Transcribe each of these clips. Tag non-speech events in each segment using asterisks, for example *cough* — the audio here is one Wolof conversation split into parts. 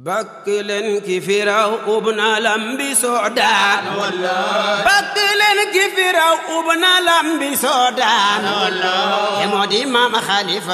بكلن كفرة وابن لم بسودان والله بكلن كفرة وابن لم بسودان والله يمودي ما مخالف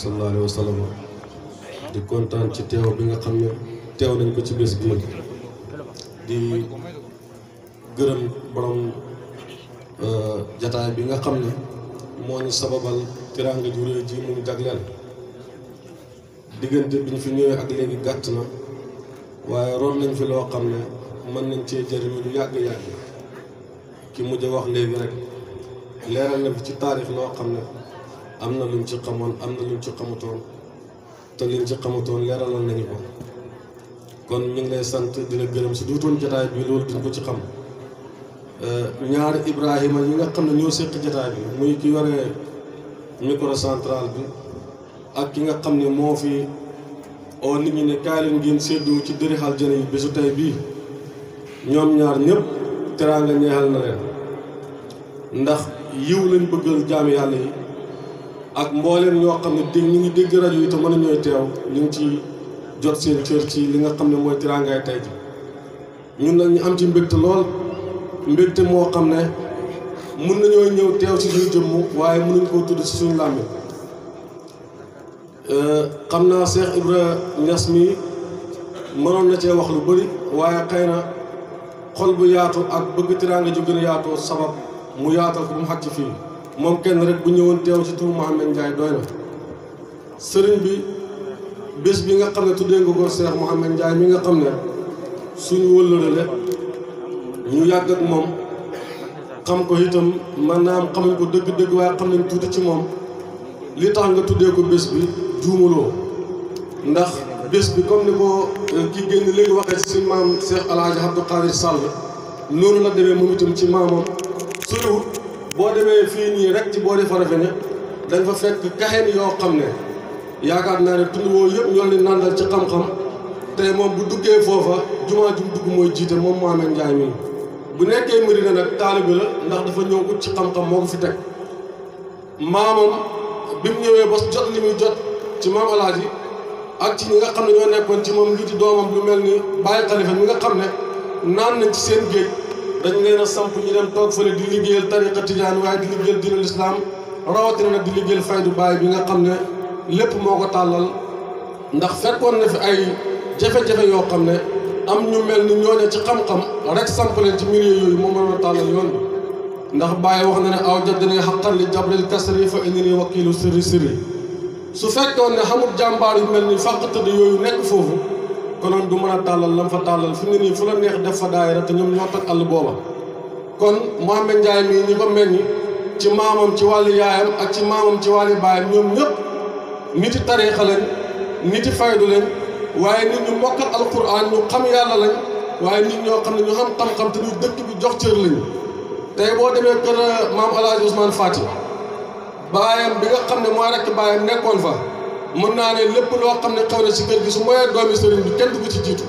صلى الله عليه وسلم دي كونتان سي تيو بيغا خامي تيو نانكو سي بيس بي دي گرم بروم ا جتا بيغا خامي مو ني سببال تيرانغ جوري جي مو داغلال ديغنت بن في نيو اك ليغي گاتنا واي رون نان في لو خامي من نان سي جيرو ياغ ياغ كي مو جي واخ ليغي رك leral na fi ci taarix loo am na lu luñ ci xamoon am na luñ ci xamutoon te liñ ci xamutoon leeralal nañu ko kon ñu ngi lay sant di la gërëm si duutoon jataay bi loolu duñ ko ci xam eh, ñaari Ibrahima yi nga xam ne ñoo seq jataay bi muy ki yore microcentral bi ak ki nga xam ne moo fi oo nit ñi ne kaay leen ngeen ci dëri xal jëne yi su tey bii ñoom ñaar ñëpp teraanga ñeexal na leen ndax yiw lañ bëggal jaam yàlla yi ak mbooleem ñoo xam ne dégg ñu ngi dégg rajo yi te mën a ñooy teew ñu ngi ci jot seen cër ci li nga xam ne mooy tiraangaay tey ji ñun nag ñu am ci mbégte lool mbégte moo xam ne mun nañoo ñëw teew ci suñu jëmm waaye mënuñ ko tudd ci suñu làmmiñ euh, xam naa Cheikh Ibra Niass mi mënoon na cee wax lu bari waaye xëy na xol bu yaatu ak bëgg tiraanga ju gën a yaatoo sabab mu yaatal ko mu xaj ci fii moom kenn rek bu ñëwoon teew ci tur Mouhamed Ndiaye doy na sëriñ bi bés bi nga xam ne tuddee nga ko Cheikh Mouhamed Ndiaye mi nga xam ne suñu wëllëre la yàgg ak moom xam ko itam man naa am xamuñ ko dëgg-dëgg waaye xam nañ tuuti ci moom li tax nga tuddee ko bés bi juumaloo ndax bés bi comme ni ko euh, ki génn léegi waxee ci suñu maam Cheikh El a Abdou Qadir Sall noonu la demee moom itam ci maamam soriwut. boo demee fii nii rek ci boori Farafeñe da nga fa fekk kaxeen yoo xam ne yaakaar naa ne tund woo yëpp ñoo leen ci xam-xam te moom bu duggee foofa jumaa jum dugg mooy jiite moom Mohamed Ndiaye mi bu nekkee Medina nag taalibe la ndax dafa ñëw ut ci xam-xam moo ko fi teg maamam bi mu ñëwee ba jot li muy jot ci maam yi ak ci ñi nga xam ne ñoo nekkoon ci moom njiiti doomam lu mel ni Baye Khalifa mi nga xam ne naan nañ ci seen géej dañ leen a samp ñu dem toog fële di liggéeyal tariqa tijaan waaye di liggéeyal diinul islaam rawatina nag di liggéeyal faydu baay bi nga xam ne lépp moo ko tàllal ndax fekkoon na fi ay jafe-jafe yoo xam ne am ñu mel ni ñooñu ci xam-xam rek samp leen ci milieu yooyu moo mën a tàllal yoon ndax bàyyi wax na ne aw jot dinañ xaqal li jabril kasri fa inni wakiilu sirri sirri su fekkoon ne xamul jàmbaar yu mel ni fàq tëdd yooyu nekk foofu. konoon du mën a tàllal lam fa tàllal fu ne nii fu la neex def fa daayira te ñoom ñoo toj àll booba kon Mohamed Ndiaye mii ñi ko meññ ci maamam ci wàllu yaayam ak ci maamam ci wàllu baayam ñoom ñëpp niti tariixa lañ niti faydu lañ waaye nit ñu mokkal alquran ñu xam yàlla lañ waaye nit ñoo xam ne ñu xam xam-xam te ñu dëkk bi jox cër lañ tey boo demee kër maam El Hadj Ousmane Fati baayam bi nga xam ne mooy rekk baayam nekkoon fa. mën naa ne lépp loo xam ne xew na ci kër gi su moyee doomi sëriñ bi kenn du ci jiitu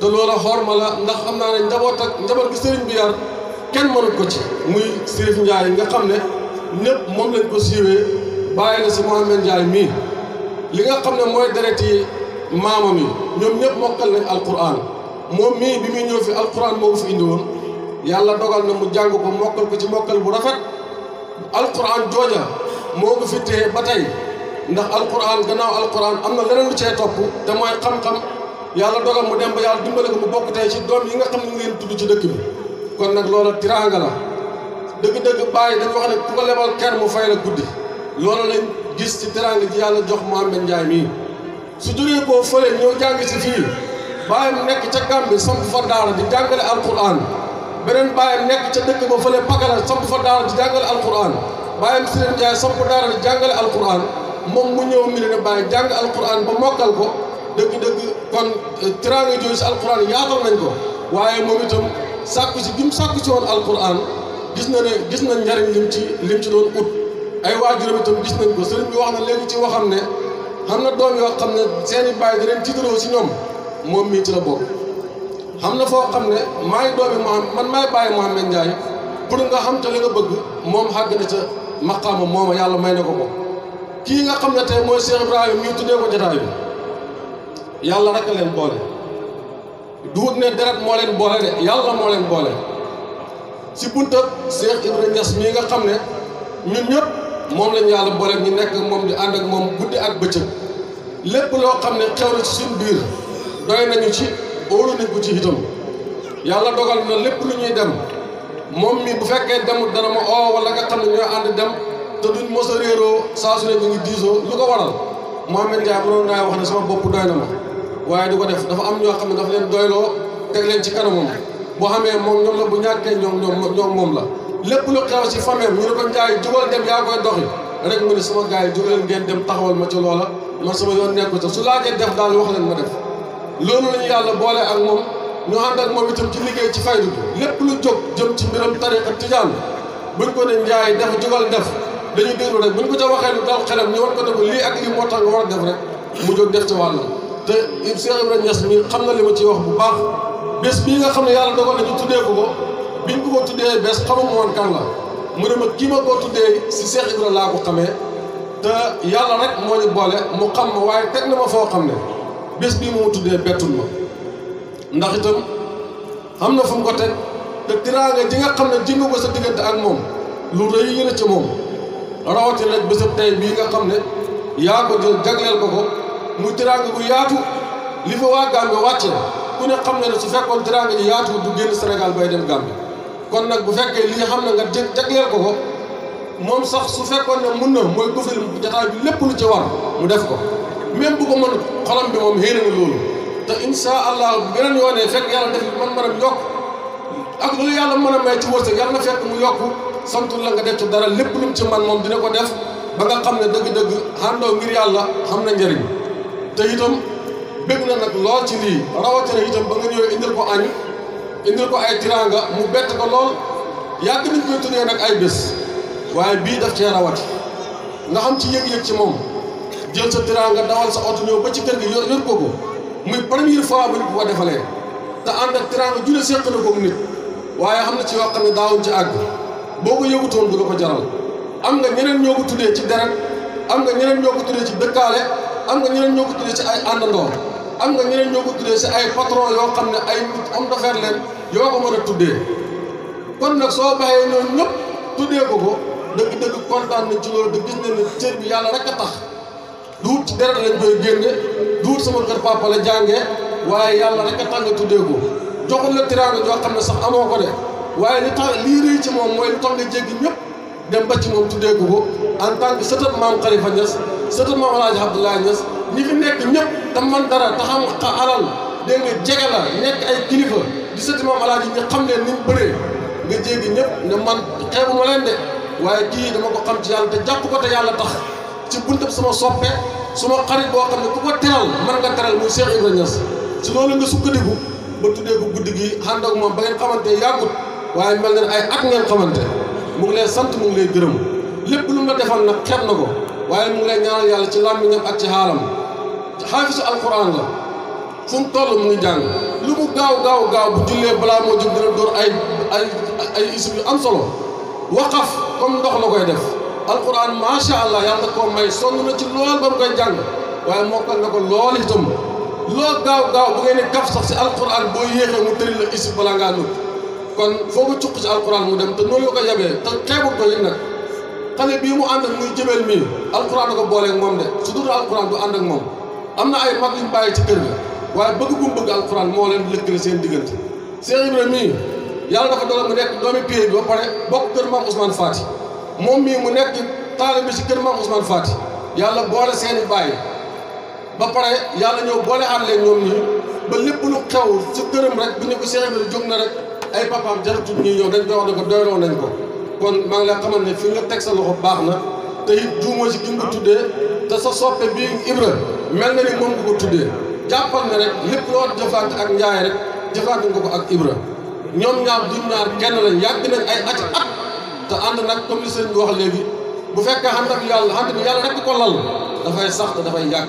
te loola xorma la ndax xam naa ne njaboot ak njaboot gi sëriñ bi yar kenn mënut ko ci muy Sërif Njaay nga xam ne ñëpp moom leen ko siiwee bàyyi na si Mohamed Njaay mii li nga xam ne mooy deret yi maamam yi ñoom ñëpp mokkal nañ alquran moom mii bi muy ñëw fi alquran moo ko fi indi woon yàlla dogal na mu jàng ko mokkal ko ci mokkal bu rafet alquran jooja moo ko fi ndax alquran gannaaw alquran am na leneen lu cee topp te mooy xam-xam yàlla dogal mu dem ba yàlla dimbale ko mu bokk tey ci doom yi nga xam ne ñu ngi leen tudd ci dëkk bi kon nag loola tiraanga la dëgg-dëgg bàyyi dafa wax ne ku ko lebal ker mu fay la guddi loola lañ gis ci tiraanga ji yàlla jox Mohamed Ndiaye mii su juree koo fële ñëw jàng si fii mu nekk ca Gàmbi samp fa daara di jàngale alquran beneen bàyyam nekk ca dëkk ba fële Pagala samp fa daara di jàngale alquran bàyyam Sëriñ Ndiaye samp daara di jàngale alquran moom mu ñëw Medina Baye jàng alquran ba mokkal ko dëgg-dëgg kon eh, tiraanga jooju si alquran yaatal nañ ko waaye moom itam sàkku ci bi mu sàkku si woon alquran gis na ne gis na njariñ lim ci lim ci doon ut ay waajuram itam gis nañ ko sëriñ bi wax na léegi ci waxam ne xam na doom yoo xam ne seeni bàyyi di leen tiitaroo si ñoom moom mii ci la bokk xam na foo xam ne maay doomi Mouha man maay bàyyi Mouhamed Ndiaye pour nga xam te li bëgg moom xàgg na ca maqaama mooma yàlla may na ko ko kii nga xam ne tey mooy Cheikh Ibrahima ñu tuddee ko jotaay bi yàlla rek leen boole duut ne deret moo leen boole de yàlla moo leen boole si bunta Cheikh Ibrahima Niass mii nga xam ne ñun ñëpp moom lañ yàlla boole ñu nekk moom di ànd ak moom guddi ak bëccëg lépp loo xam ne xew na ci suñu biir doy nañu ci óolu nañ ko ci itam yàlla dogal na lépp lu ñuy dem moom mi bu fekkee demut dana ma oo wala nga xam ne ñoo ànd dem te duñ mos a réeroo saa su ne ñu ngi diisoo lu ko waral Mouhamed Ndiaye mënoon naa wax ne sama bopp doy na ma waaye du ko def dafa am ñoo xam ne dafa leen doyloo teg leen ci kanamam boo xamee moom ñoom la bu ñàkkee ñoom ñoom ñoom moom la lépp lu xew si famille ñu ne ko Ndiaye jugal dem yaa koy doxi rek mu ne sama gars yi jóg leen ngeen dem taxawal ma ci loola man sama yoon nekku ca su laajee def daal wax leen ma def loolu la ñu yàlla boolee ak moom ñu ànd ak moom itam ci liggéey ci faydu lépp lu jóg jëm ci mbiram tariqa tijaan buñ ko ne Ndiaye def jugal def dañuy déglu rek bu ñu ko ca waxee lu dal xelam ñu war ko def lii ak lii moo tax nga war a def rek mu jóg def ci wàll te Cheikh Ibrahima xam na li ma ciy wax bu baax bés bii nga xam ne yàlla dogal na ñu tuddee ko ko biñ ko ko tuddee bés xamuma woon kan la mu ma kii ma tuddee si Cheikh Ibrahima laa ko xamee te yàlla rek moo ñu boole mu xam ma waaye teg na ma foo xam ne bés bii mu tuddee bettul ma ndax itam xam na fu mu ko teg te tiraanga ji nga xam ne ji ko sa diggante ak moom lu rëy yi la ci moom. rawatina nag bésab tey bii nga xam ne yaa ko jël jagleel ko mu muy teraanga bu yaatu li fa waa Gambie wàcce ku ne xam na ne su fekkoon teraanga ji yaatu du génn dem Gambie kon nag bu fekkee li nga xam ne nga jë jagleel ko ko moom sax su fekkoon ne mun na mooy gofil jataay bi lépp lu ci war mu def ko même bu ko mën xolam bi moom xéene na loolu te insha allah beneen yoonee fekk yàlla def man mën a yokk ak loolu yàlla mën a may ci wërsëg yàlla na fekk mu yokk santul la nga def ci dara lépp lu mu ci man moom dina ko def ba nga xam ne dëgg-dëgg xandoo ngir yàlla xam na njëriñ te itam bëgg na nag lool ci lii rawatina itam ba nga ñëwee indil ko añ indil ko ay tiranga mu bett ko lool yàgg nañ koy tuddee nag ay bés waaye bii daf cee rawati nga xam ci yëg-yëg ci moom jël sa tiranga dawal sa oto ñëw ba ci kër gi yor yor ko ko muy première fois bu ñu ko defalee te ànd ak tiranga jure seq na ko nit waaye na ci yoo xam ne daawuñ ci àgg. boo ko yëgutoon du la ko jaral am nga ñeneen ñoo ko tuddee ci deret am nga ñeneen ñoo ko tuddee ci dëkkaale am nga ñeneen ñoo ko tuddee ci ay àndandoo am nga ñeneen ñoo ko tuddee ci ay patron yoo xam ne ay am dafeer leen yoo ko mën a tuddee kon nag soo bàyyee ñoom ñëpp tuddee ko dëkk dëgg kontaan nañ ci loolu da gis nañ ne cër bi yàlla rek a tax duut ci deret lañ koy génne duut sama kër papa la jàngee waaye yàlla rek a tax tuddee ko joxul la tiraanga joo xam ne sax amoo ko waye li tax li rëy ci mom moy li tax nga jéggi ñëpp dem ba ci mom tuddé ko ko en tant que sëtëb mam Khalifa Niass sëtëb mam alhadji abdullah Abdoulaye ñi fi nekk ñëpp te man dara te xam xa alal de nga jégal la nekk ay kilifa di sëtëb mam alhadji Hadj xam leen ni mu bëree nga jéggi ñëpp ne man xébu ma leen dé waye ki dama ko xam ci yalla te japp ko te yalla tax ci buntu sama soppé sama xarit bo xamne ku ko téral man nga téral mu Cheikh ibrahim Niass ci loolu nga sukkandiku ba tuddé ko guddigi handak mom ba ngeen xamanté yagut waaye mel na ay at ngeen xamante mu ngi sant mu ngi lay gërëm lépp lu mu la defal nag xeeb na ko waaye mu ngi lay ñaanal yàlla ci làmmiñam ak ci xaalam xaafisu alquran la fu mu mu ngi jàng lu mu gaaw gaaw gaaw bu jullee balaa moo jóg dina door ay ay ay isib yu am solo waqaf comme ndox la koy def alquran macha allah yàlla koo may sonn na ci lool ba mu koy jàng waaye mokkal na ko lool itam loo gaaw gaaw bu ngeen di sax si alquran boo yéexee mu kon foofu nga cuq ci alquran mu dem te noonu la ko yabee te xeebul ko it nag xale bii mu ànd ak muy jëbel mii alquran ko booleeg moom de su dul alquran du ànd ak moom am na ay mag yu bàyyi ci kër ga waaye bëgg bu bëgg alquran moo leen lëkkale seen diggante Cheikh Ibrahima mii yàlla dafa doon mu nekk doomi pie bi ba pare bokk kër maam Ousmane Fati moom mii mu nekk taalibe bi ci kër maam Ousmane Fati yàlla boole seeni bàyyi ba pare yàlla ñëw boole ànd ba lépp lu xew ci këram rek bu ñu na rek ay papaam jaratul ñuy ñëw dañ koy wax ne ko doyloo nañ ko kon maa ngi lay xamal ne fi nga teg sa loxo baax na te it juumoo ci gim ko tuddee te sa soppe bii Ibra mel na ni moom nga ko tuddee jàppal ne rek lépp loo jëfante ak Njaay rek jëfante nga ko ak Ibra ñoom ñaar jur ñaar kenn lañ yàgg nañ ay at at te ànd nag ko li sëñ bi wax léegi bu fekkee ànd ak yàlla ànd bi yàlla rek ko lal dafay sax te dafay yàgg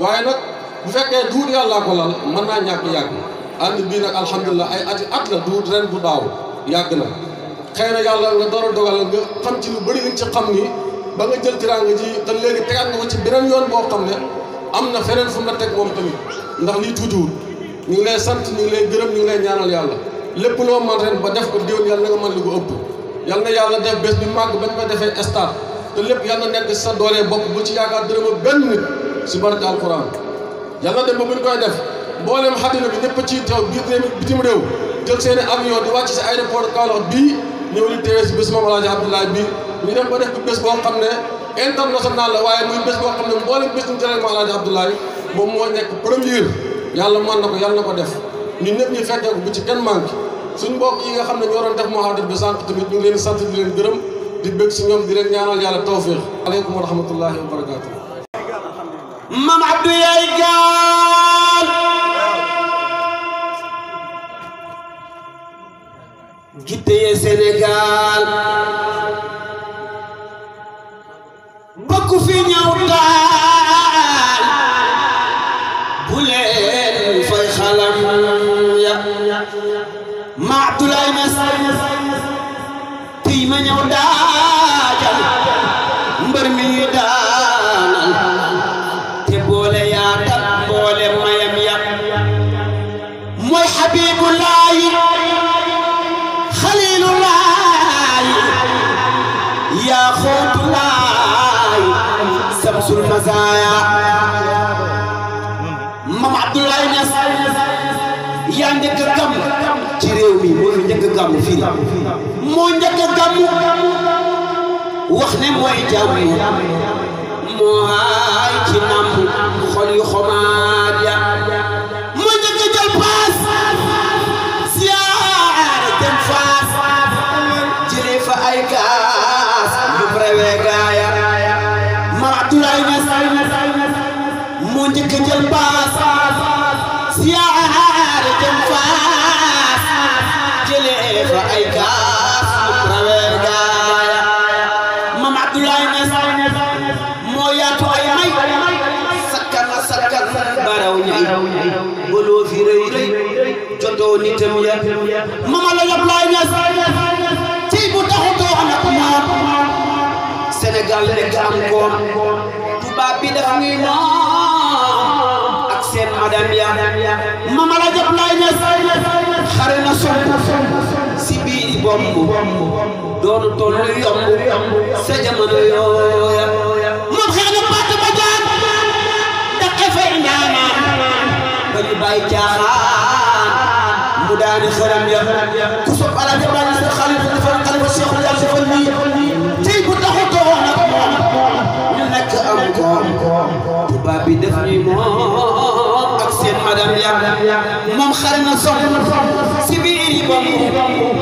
waaye nag bu fekkee duur yàllaa ko lal mën naa ñàkk yàgg ànd bii nag alhamdulilah ay ati at la du ren du daaw yàgg na xëy na yàlla nga door a dogal nga xam ci lu bëri liñ ci xam ni ba nga jël tiraanga ji te léegi tegaat nga ko ci beneen yoon boo xam ne am na feneen fu mu la teg moom tamit ndax lii tuutiwul ñu ngi lay sant ñu ngi lay gërëm ñu lay ñaanal yàlla lépp loo man ren ba def ko déwén yàlla nga mën li ko ëpp yàlla na yàlla def bés bi màgg bañ ko defee stade te lépp yàlla nekk sa doolee bopp bu ci yaakaar dërëm benn nit si barke alquran yàlla dem ba buñ koy def mboolem xaddina bi ñëpp ci teew biir réew bitim réew jël seen avion di wàcc si aéroport Kaolack bii ñëw di teewee si bés Mamadou Abdoulaye bii ñu dem ba def ko bés boo xam ne moom moo nekk premier yàlla mën na ko yàlla ko def ñun ñëpp ñu fekkee ko bu ci kenn manqué suñu mbokk yi nga xam ne ñoo doon def muhaadara bi sànq tamit ñu leen sant di leen gërëm di bëgg si ñoom di leen ñaanal yàlla tawfiq aleykum wa wa barakatuh ki téye Sénégal mbokk fi ñëw daal gàmmu fii moo njëkk a gàmmu wax ne mooy jaamu moo ay ci nàmp xol yu xomaat ya moo njëkk a jël paas siyaare faas jëlee fa ay gaas yu brewee gaaya ma Abdoulaye Niass moo njëkk a jël paas itam ya mama la yab laay ñas ci bu taxutoo ana ko maar Sénégal rek am koom tubaab bi daf ñuy noom ak seen madame ya mama la yab laay ñas xare na somb si biir bomb doonu toll yomb sa jamono yooya moom xeex na pàtt ba jaan daqe fay ndaama ba ñu bàyyi caaxaan داني خلم يا كسب على جبل خليفة نفر خليفة الشيخ رجال شفني تيك وتحطه هنا منك أمكم تبابي دفني ما أكسين مدام يا مم خرم الصف سبيعي بامو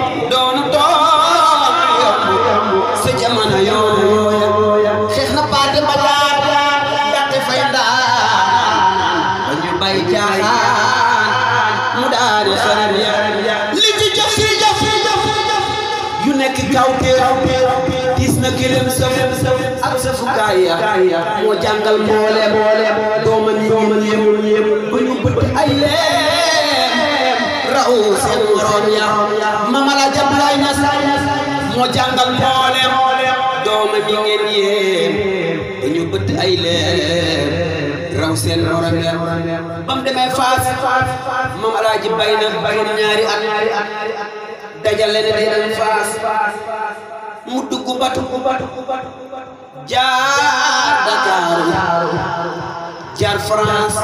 daaya moo jàngal mboole mboole dooma ñooma ñemul ñem ba ñu bëtt ay leem raw seen borom ya mamala jablaay nas moo jàngal mboole dooma ñi ngeen yéem ba ñu bëtt ay leem raw seen borom ya bam demee eh, faas mam alaaji bay na borom ñaari at dajale ne day dem faas mu dugg batu batu batu batu jaar Dakar jaar France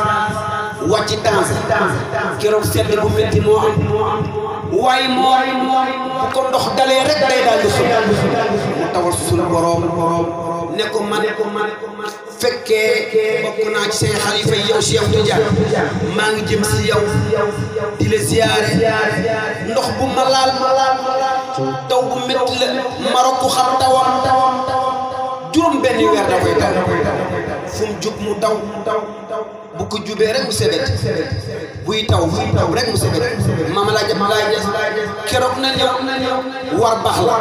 wàcc danse keroog sedd bu métti moo am waaye mooy bu ko ndox dalee rek day daal di sut mu tawal suñu borom ne ko man fekkee bokk naa ci seen xalifa yow Cheikh Tidiane maa ngi jëm si yow di la ziyaare ndox bu malaal malaal taw bu métti la Maroc ku xam tawam juróom benn weer da koy daw fu mu jub mu daw bu ko jubee rek mu sebet buy taw buy taw rek mu sebet maam laa jëm laa jëm keroog na ñëw war baax la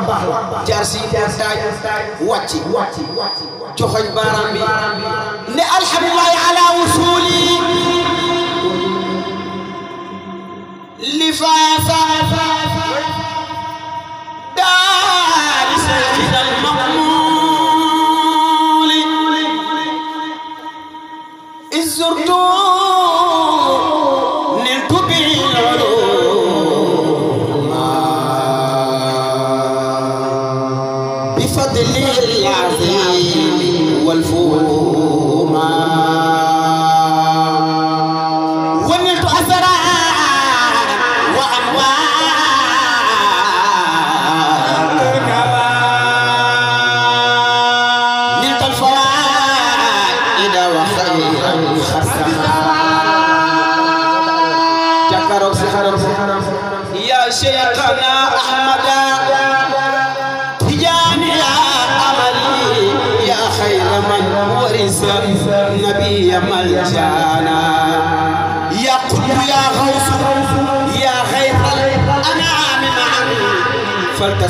jaar si taaj wàcci joxoñ baaraam bi ne alhamdulilah ala wusuli lifaasa daal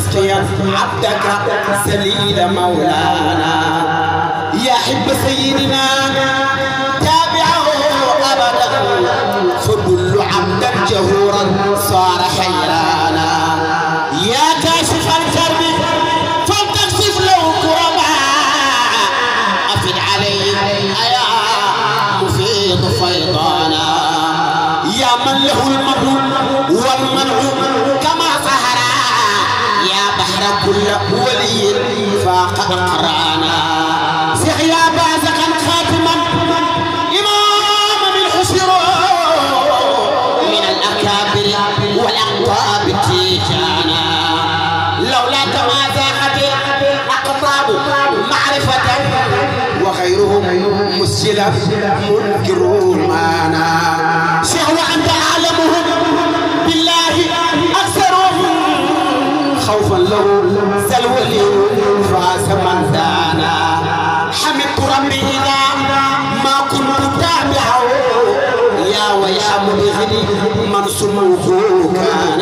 أسقيا عبدك سليل مولانا يا حب سيدنا تتمازحت الأقطاب معرفة وغيرهم مسلم منكرون معنا شهوة أنت أعلمهم بالله أكثرهم خوفا له سلوى فاس من دانا حمدت ربي إذا ما كنت تابعه يا ويا مبغني من سموه كان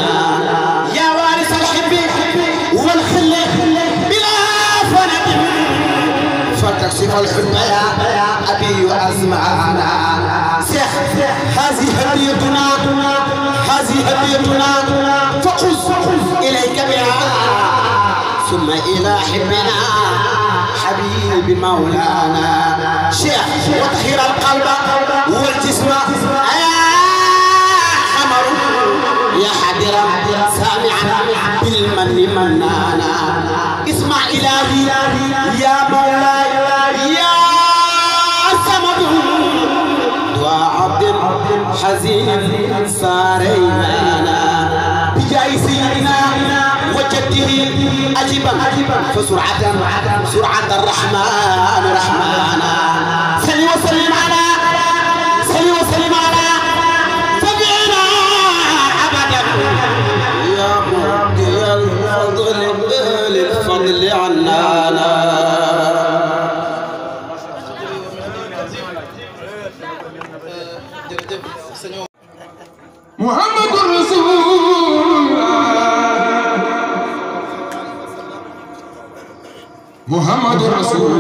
يكشف الحمايا أبي أسمعنا سيح هذه هديتنا هذه هديتنا فقص إليك بها ثم إلى حبنا حبيب مولانا شيخ وطهر القلب والجسم يا حمر يا حدرا سامعا بالمن منانا اسمع إلهي يا مولانا سارينا بجاي سيدنا وجده أجبا فسرعة سرعة الرحمن رحمانا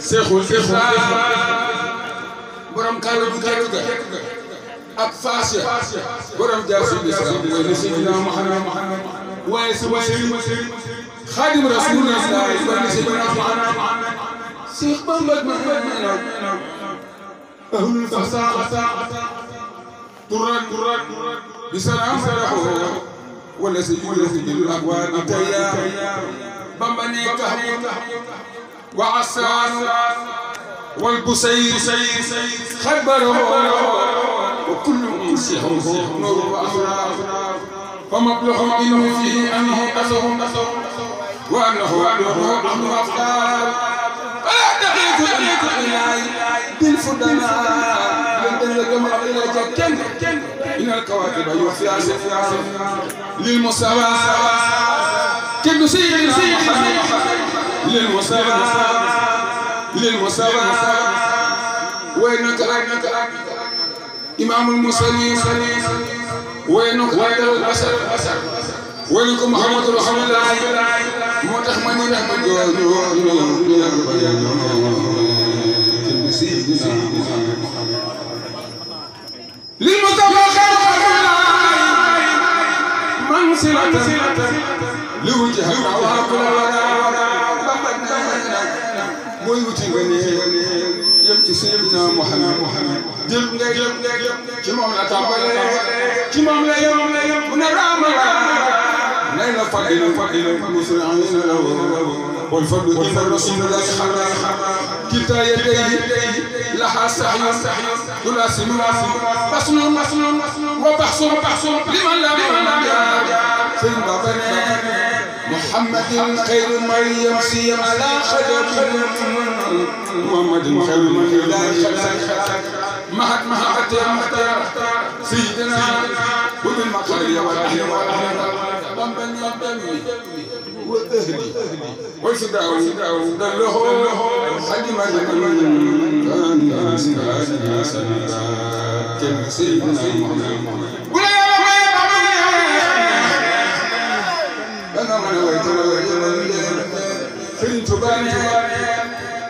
Seexul Islaam borom kàlla bu tedd ga ak faas ya borom jaasi lislaam mooy ne Seydina Muhammad waaye sama sëriñ Xaadim Rasuul na saay ba ne Seydina Muhammad Seex Bamba ma naaw ahlul fasaxa turan turan bisalaam saraxoo wala sa jublu ak waa bi taya Bamba nekk وعسان والبسير خبره وكلهم سيحوه نور وأمراض ومبلغ منه فيه أنه أثر وأنه أنه أمر أفكار فلا تحيط إلي بالفدناء من الجمع إلى جكن من الكواكب يحيى للمساواة كل سيد سيد للمسابقة للمسابقة وينك وينك إمام المرسلين وينك وينك البشر وينكم محمد رسول الله متحمد رحمة للمتفق منصلة لوجهك وعرف الورى mooy wuti gënee yem ci Seydina Muhammad jël nga jël nga jël ci moom la tàmbalee ci moom la yem mu ne raama nay la fadila fadila musri'ina lahu wal fadlu inda rasulillahi xarra kilta yadayhi laha sahyun tulasimu masnun masnun wa baxsun liman lam محمد خير من يمشي على خدم محمد خير من لا خلق مهك مهك مختار سيدنا خذ المقال يا ولدي وأهلي وسدعوا دله حجم من كان سيدنا محمد tolo way tolo way tolo Sëriñ Tuba nee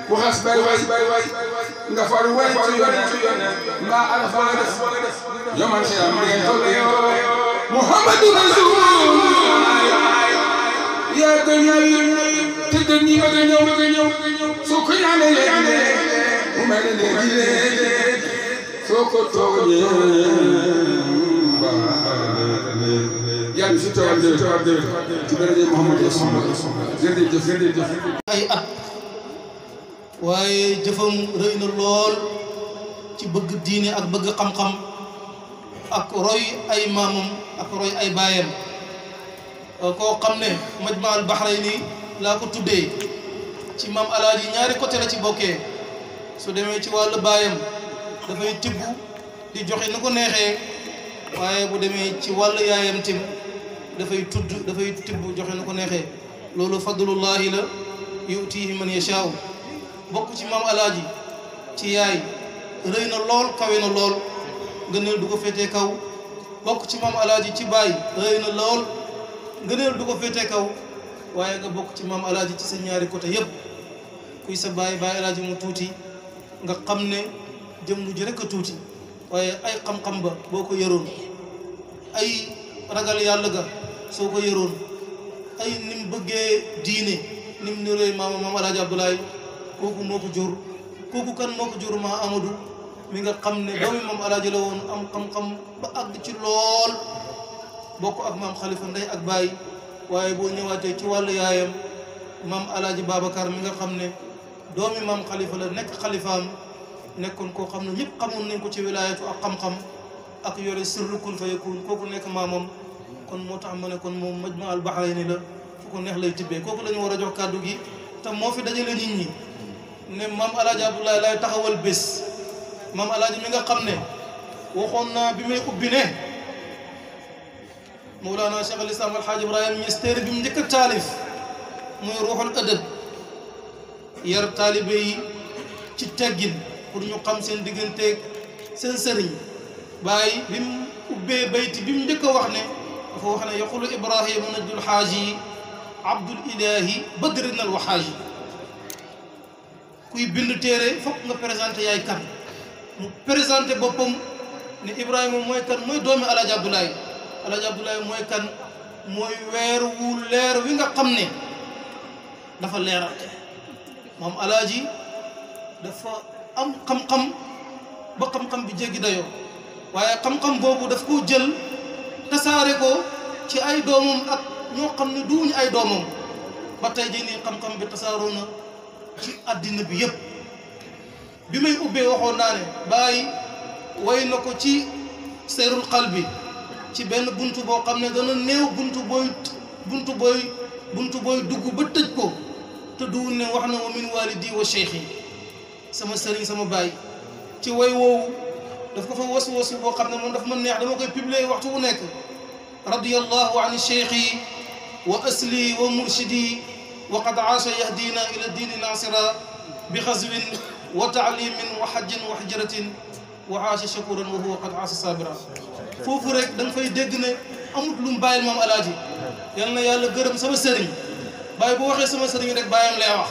ku xas bay way nga faru way faru yoon mbaa alaf ba nga def yoman si am ngeen tolo yoo Muhammadu Rasulullah yaa gën a te gën ñi bëgg a ñëw bëgg a ñëw soo ko ñaanee léegi mu mel ne léegi soo ko toogee jërëjëf ay at waaye jëfam rëy na lool ci bëgg diine ak bëgg xam-xam ak roy ay maamam ak roy ay baayam koo xam ne Majmaa al ni laa ko tuddee ci maam alaaji ñaari côté la ci bokkee su demee ci wàllu baayam dafay tibb di joxe nu ko neexee waaye bu demee ci wàll yaayam tim dafay tudd dafay tibb joxe nu ko neexee loolu fadlullahi la yutihi man yashaaw bokk ci maam alaaji ci yaay rëy na lool kawe na lool ngëneel du ko féetee kaw bokk ci maam alaaji ci baay rëy na lool ngëneel du ko fete kaw waaye nga bokk ci maam alaaji ci sa ñaari côté yëpp kuy sa baay baay alaaji mu tuuti nga xam ne jëmm ji rekk a tuuti waaye ay xam-xam ba boo ko yoroon ay ragal yàlla ga soo ko yëroon ay ni bëggee diine nim mu nuree maama maam El Hadj Abdoulaye kooku moo kooku kan moo ko jur maa Amadou mi nga xam ne doomi maam El la woon am xam-xam ci lool bokk ak maam Khalifa ak baay waaye boo ñëwaatee ci wàllu yaayam maam El Hadj mi nga xam ne doomi maam Khalifa la nekk Khalifaam nekkoon koo xam ne ñëpp xamoon nañ ko ci wilaayatu ak xam-xam ak yore sirru fa yakun kooku nekk maamam. kon moo tax ma ne kon moom majma al bahrayni la fu ko neex lay tibbee kooku la ñu war a jox kàddu gi te moo fi dajale nit ñi ne maam alaaji Abdoulaye lay taxawal bés maam alaaji mi nga xam ne waxoon naa bi may ubbi ne Mawlana Cheikh al Islam alxaaj Ibrahima ministère bi mu njëkk a taalif muy ruuxul adab yar taalibe yi ci teggin pour ñu xam seen digganteeg seen sëriñ bàyyi bi mu ubbee bayti bi mu njëkk a wax ne dafa wax ne yaqulu ibrahima najdul xaaji abdul ilahi badri nal waxaaji kuy bind téere fokk nga présenté yaay kan mu présenté boppam ne ibrahima mooy kan mooy doomi alaaji abdoulaye alaaji abdoulaye mooy kan mooy weer wu leer wi nga xam ne dafa leerante moom alaaji dafa am xam-xam ba xam-xam bi jéggi dayoo waaye xam-xam boobu daf koo jël tasaare ko ci ay doomam ak ñoo xam ne duuñu ay doomam ba tey jii xam-xam bi tasaaroo na àddina bi yëpp bi may ubbee waxoon naa ne bàyyi way na ko ci seerul xal bi ci benn bunt boo xam ne dana néew bunt booy buntu booy buntu dugg ba tëj ko te duwul ne wax na wa min waalidi wa cheikh yi sama sëriñ sama baay ci way woowu دافكو فا وسوس بو خامن مون داف ما نيه داما كاي بوبلي وقت بو نيك رضي الله عن الشيخ واسلي ومرشدي وقد عاش يهدينا الى الدين الناصر بخزو وتعليم وحج وحجرة وعاش شكورا وهو قد عاش صابرا فوف رك دا نفاي دغ ني امول لوم بايل مام الادي يالنا يالا غرم سما سيرين باي بو وخي سما سيرين رك بايام لاي وخ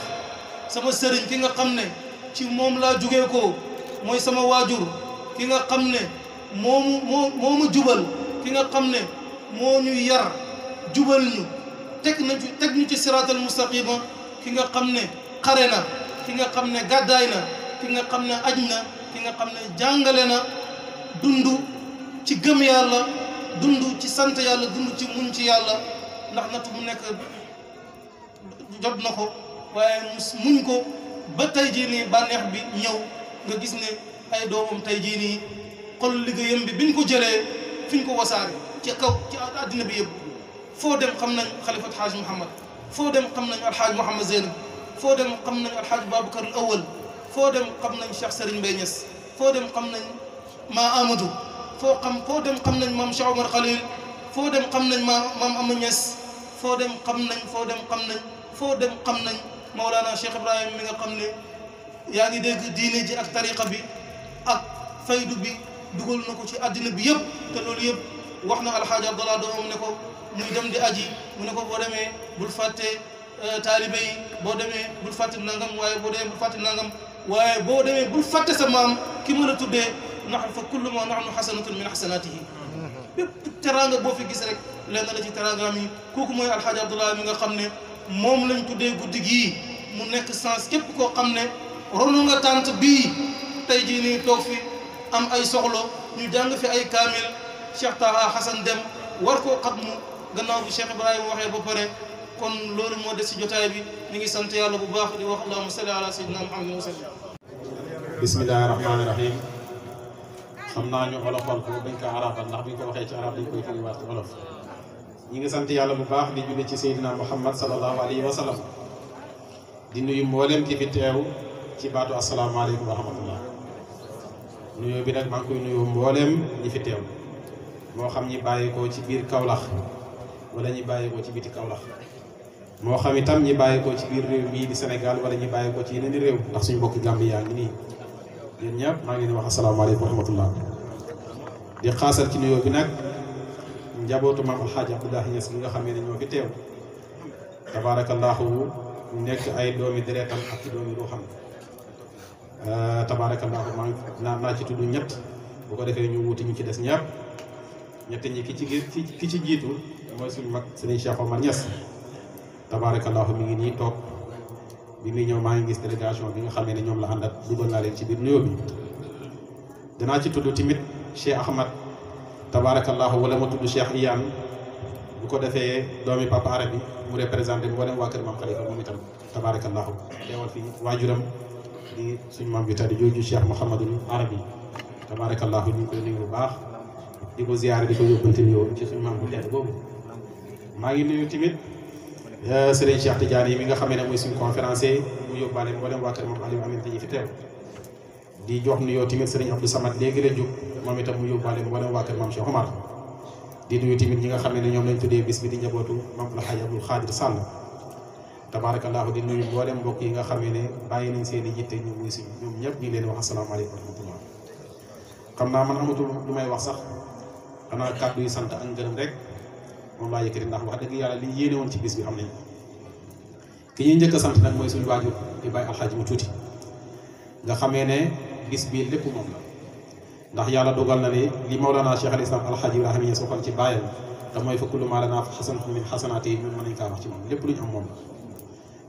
سما سيرين كيغا خامن تي موم لا جوغي كو موي سما واجور ki nga xam ne moomu moomu jubal ki nga xam ne moo ñu yar jubal ñu teg na teg ñu ci siraatal mustaqima ki nga xam ne xare na ki nga xam ne gàddaay na ki nga xam ne aj na ki nga xam ne jàngale na dund ci gëm yàlla dund ci sant yàlla dund ci muñ ci yàlla ndax natu mu nekk jot na ko waaye muñ ko ba tey jii nii bànneex bi ñëw nga gis ne ay doomum tay jini xol ligeyam bi biñ ko jëlee fiñ ko wasaare ci kaw ci aduna bi yeb fo dem xam nañ xalifat xaaj Mouhamad foo dem xam nañ alxaaj muhammad Zeynab fo dem xam nañ alxaaj babakar al awal fo dem xam nañ Cheikh Serigne Mbaye Niass foo dem xam nañ maa Amadou foo xam fo dem xam nañ maam Cheikh Omar Khalil fo dem xam nañ maam maam Ama Niass dem xam nañ foo dem xam nañ foo dem xam nañ Maulana Cheikh Ibrahim mi nga xam ne yaa جي اك طريقه بي ak faydu bi dugal na ko ci àddina bi yëpp te loolu yëpp wax na alxaaji abdallah doomam ne ko muy dem di aji mu ne ko boo demee bul fàtte euh, taalibe yi boo demee bul fàtte nangam waaye boo demee bul fàtte waaye boo demee bul fàtte sa maam ki mën a tuddee naxnu fa kullu ma naxnu xasanatun min xasanaatihi bépp teraanga boo fi gis rek lenn la ku teraangaam yi kooku mooy alxaaji abdallah mi nga xam ne moom lañ tuddee guddi gii mu nekk sens képp koo xam ne ronu nga tànt bii tey jii nii toog fi am ay soxlo ñu jàng fi ay kaamil Cheikh Taha Hassan Deme war koo xatmu gannaaw bu Cheikh Ibrahima waxee ba pare kon loolu moo des ci jotaay bi ñu ngi sant yàlla bu baax di wax allahumma salli ala sayyidina muhammadin wa sallam bismillahi rahmaani rahim xam naa ñu olofal ko bañ ko arabal ndax buñ ko waxee ci arab dañ koy firiwaat ci olof ñi ngi sant yàlla bu baax di julli ci seydina muhammad sallallahu alayhi wa sallam di nuyu mboolem ki fi teew ci baatu asalaamaaleykum wa rahmatullah nuyoo bi nag maa ngi koy nuyoo mbooleem ñi fi teew moo xam ñi bàyyeekoo ci biir kawlax wala ñi bàyyeekoo ci biti kawlax moo xam itam ñi bàyyeekoo ci biir réew mii di Sénégal wala ñi bàyyeekoo ci yeneen i réew ndax suñu mbokk Gambie yaa ngi nii yéen ñëpp maa ngi leen wax asalaamaaleykum wa rahmatullah di xaasal ci nuyoo bi nag njabootu maam Alxaaji Abdoulahi Niass gi nga xamee ne ñoo fi teew tabaarakallaahu nekk ay doomi deretam ak ci doomi ruuxam Euh, tabaarakallaahu maa naa naa ci tudd ñett bu ko defee ñu wuti ñu ci des ñaar ñett ñi ki ci ki ci jiitu mooy suñu mag sëriñ Cheikh Omar Niass tabaarakallaahu mi ngi nii toog bi muy ñëw maa ngi gis délégation bi nga xam ne ñoom la àndat dugal naa leen ci biir nuyoo bi danaa ci tudd tamit Cheikh Ahmad tabaarakallaahu wala ma tudd Cheikh Iyane bu ko defee doomi papa arabi mu représenté mboolem waa kër maam Khalifa moom itam tabaarakallaahu teewal fii waajuram ci suñu maam bi tadi jooju Cheikh Mouhamadul Arabi tabaarakallaahu ñu koy nuyu bu baax di ko di ko yóbbante yow ci suñu maam bu tedd boobu maa ngi nuyu tamit euh, Serigne Cheikh Tidiane yi mi nga xamee ne mooy suñu conférencier mu yóbbaale mboolem waa kër moom Aliou di jox nuyoo tamit Serigne Abdou Samad léegi la jóg moom itam mu yóbbaale mboolem waa kër moom Cheikh Omar di nuyu tamit ñi nga xam ne ñoom lañ tuddee bis bi di njabootu moom la Xaaj Abdul Xaadir Sall tabaarakallaahu di nuyu mboolem mbokk yi nga xamee ne bàyyi nañ seen i yitte ñu wuy si ñoom ñëpp di leen wax asalaamaaleykum wa rahmatullah xam naa man amatul lu may wax sax xanaa kàddu yi sant ak ngërëm rek moom laa yëkkati ndax wax dëgg yàlla li yéene woon ci bis bi am nañ ñu ñuy sant nag mooy suñu waajur di bàyyi alxaaj mu tuuti nga xamee ne bis bii lépp moom la ndax yàlla dogal na ne li Mawlana Cheikh al Islam alxaaj Ibrahima Niass waxoon ci bàyyam te mooy fa kullu maa lanaa fa xasanatun min xasanaati ci moom lépp lu ñu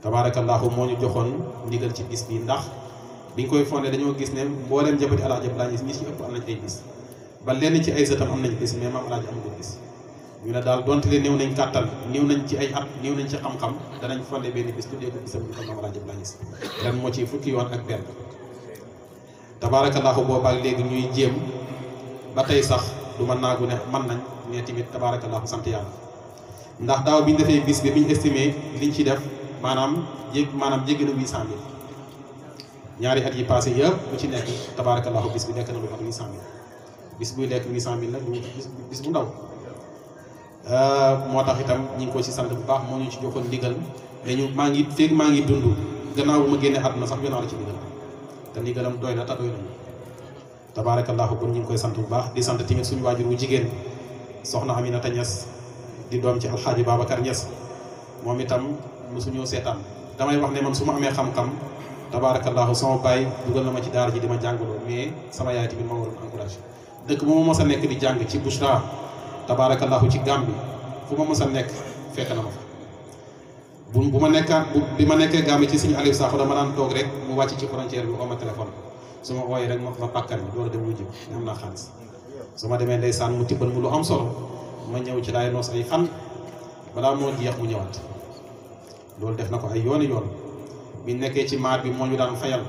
tabaarakallaahu moo ñu joxoon ndigal ci bis bi ndax biñ koy fondé dañoo gis ne mbooleem jabati alaaji Abdoulaye ñi ci ëpp am nañ ay bis ba lenn ci ay sëtam am nañ bis mais maam alaaji amagul bis ñu ne daal donte leen néew nañ kàttan néew nañ ci ay at néew nañ ci xam-xam danañ fondé benn bis tuddee ko bisam ñu ko maam alaaji Abdoulaye moo ci fukki yoon ak benn tabaarakallaahu boobaak léegi ñuy jéem ba tey sax du naagu ne mën nañ ne tamit tabaarakallaahu maanaam jég maanaam jéggi na huit ñaari at yi passé yëpp bu ci nekk tabaarakallaahu bis bi nekk na lu mat huit cent mille bis buy nekk huit cent mille nag bis bu ndaw moo tax itam ñu ngi ko ci sant bu baax moo ñu ci jokkoon ndigal dañu maa ngi maa ngi dund gannaaw bu ma génnee àdduna sax gannaaw la ci ndigal te ndigalam doy na te doy nañu ñu ngi koy sant bu baax di sant tamit suñu waajur wu jigéen soxna Aminata Niass di doom ci alxaaji Babacar Niass moom itam su mosuñoo seetaan damay wax ne man su ma amee xam-xam tabaarakallaahu sama baay dugal na ma ci daara ji di ma jàngaloo mais sama yaay tamit ma waroon encouragé dëkk bu ma mos a nekk di jàng ci Bushra tabaarakallaahu ci Gàmbi fu ma mos a nekk fekk na ma fa bu bu ma nekkaat bi ma nekkee Gàmbi ci suñu Aliou Sakho dama daan toog rek mu wàcc ci frontière bi oo ma téléphone su ma ooyee rek ma fa pàkkar bi door a dem wujj bi am naa xaalis su ma demee ndeysaan mu tibbal mu lu am solo ma ñëw ci laay noos ay fan balaa moo jeex mu ñëwaat loolu def na ko ay yooni yoon biñ nekkee ci maat bi moo ñu daan fayal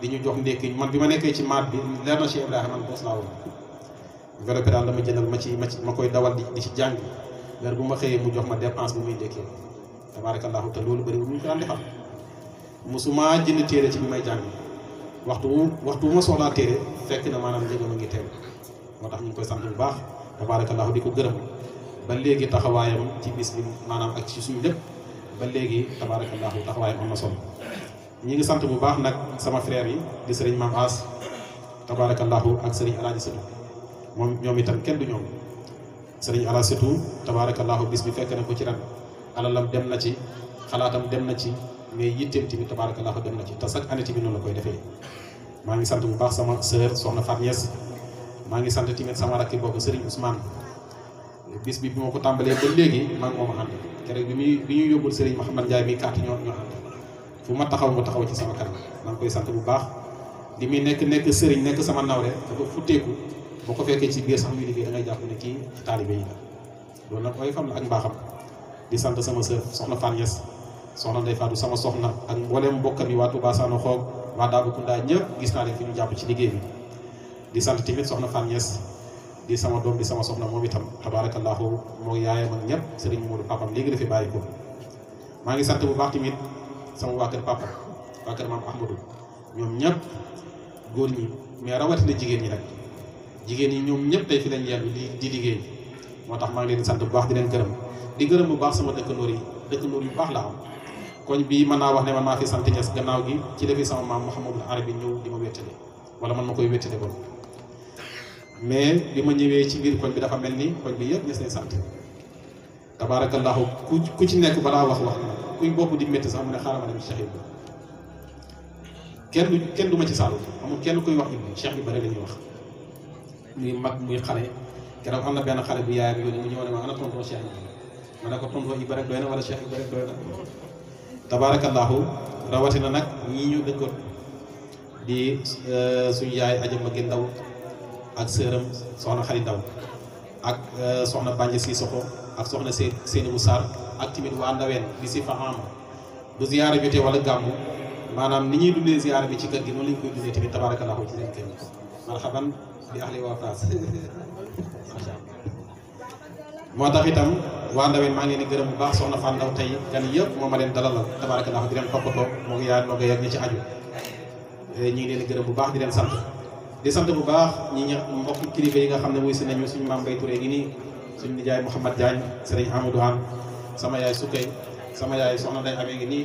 di ñu jox ndékki man bi ma nekkee ci maat bi leer na Cheikh Ibrahima man boos laa woon vélo pédale la ma ma ci koy dawal di ci jàng leer bu ma xëyee jox ma dépense bu muy ndékkee tabaarakallaahu te loolu bëri ñu ko daan defal musuma jënd téere ci bi may jàng waxtu wu waxtu wu ma soxlaa téere fekk na maanaam njëgam a ngi teew moo tax ñu ngi koy sant bu baax tabaarakallaahu di ko gërëm ba léegi taxawaayam ci bis bi maanaam ak ci suñu lépp ba léegi tabaarakallaahu taxawaayam am na solo ñi ngi sant bu baax nag sama frère yi di sëriñ Maam As tabaarakallaahu ak sëriñ Alaaji Sëtu moom ñoom itam kenn du ñoom sëriñ Alaaji Sëtu tabaarakallaahu bis bi fekk na ko ci ren alalam dem na ci xalaatam dem na ci mais yitteem tamit tabaarakallaahu dem na ci te chaque année tamit noonu la koy defee maa ngi sant bu baax sama sœur soxna Fatou Niass maa ngi sant tamit sama rakki boobu sëriñ Ousmane bis bi bi ma ko ba légui man moom ànd keroog bi muy bi ñuy yobul sëriñ mohammed jaay mi kàtt ñoo ñoo ànd fu ma taxaw mu taxaw ci sama kanam maa ngi koy sant bu baax di mi nekk nekk sëriñ nekk sama da ko futteeku boo ko féké ci biir sax muy liggéey da ngay japp ne ki talibé yi la do nag ooy fam ak mbaaxam di sant sama sœur soxna fan yes soxna Ndeye Fatou sama soxna ak mboolem mbokkam yi waa Touba Sano wa waa kunda ñepp gis na leen fi ñu japp ci liggéey bi di sant timit soxna fan yes di sama doom di sama soxna moom itam tabaarakallaahu moo yaayam ak ñëpp sëriñ Moodu papam léegi dafay bàyyi ko maa ngi sant bu baax tamit sama waa kër papa waa kër maam Ahmadou ñoom ñëpp góor ñi mais rawatina jigéen ñi nag jigéen ñi ñoom ñëpp tey fi lañ yàgg di di liggéey moo tax maa ngi leen sant bu baax di leen gërëm di gërëm bu baax sama dëkkandoor yi dëkkandoor yu baax la am koñ bii mën naa wax ne man maa fi sant Ñas gannaaw gi ci defi sama maam Mouhamadul Arabi wala man ma koy wettale mais bi ma ñëwee ci biir koñ bi dafa mel ni koñ bi yëpp ñes ne sant tabaarakallaahu ku ku ci nekk balaa wax wax na kuy bopp di métti sax mu ne xaaral ma dem kenn du ma ci saalu amul kenn kuy wax Ibra Cheikh Ibra rek la ñuy wax muy mag muy xale keroog am na benn xale bu yaayam yónni mu ñëw ne ma ana tonton Cheikh Ibra ma ne ko tonton Ibra rek doy na wala Cheikh Ibra rek doy na tabaarakallaahu rawatina nag ñii ñu dëkkoon di euh, suñu yaay ajam ma gi ndaw ak sëram soxna Xari Ndaw ak euh, soxna si Sissoko ak soxna see seeni bu Sarr ak tamit waa ndaween li si fa am bu ziyaara jotee wala gàmmu maanaam ni ñuy dundee ziyaara bi ci kër gi noonu lañ koy dundee tamit tabaarakallaahu ci seen kër marhaban bi ahli waa France *laughs* moo tax itam waa ndaween maa ngi gërëm bu baax soxna Fan Ndaw tey gan yëpp moo ma leen dalalal tabaarakallaahu di leen toppatoo moo ngi yaa noo ko yar ñi ci aju eh, ñu ngi leen di gërëm bu baax di leen sant di sant bu baax ñi ña mbokki kilifa yi nga xam ne muy si nañu suñu maam Bay Touré ngi nii suñu nijaay Mouhamad Diagne sëriñ Amadou An sama yaay Sukay sama yaay soxna day amee ngi nii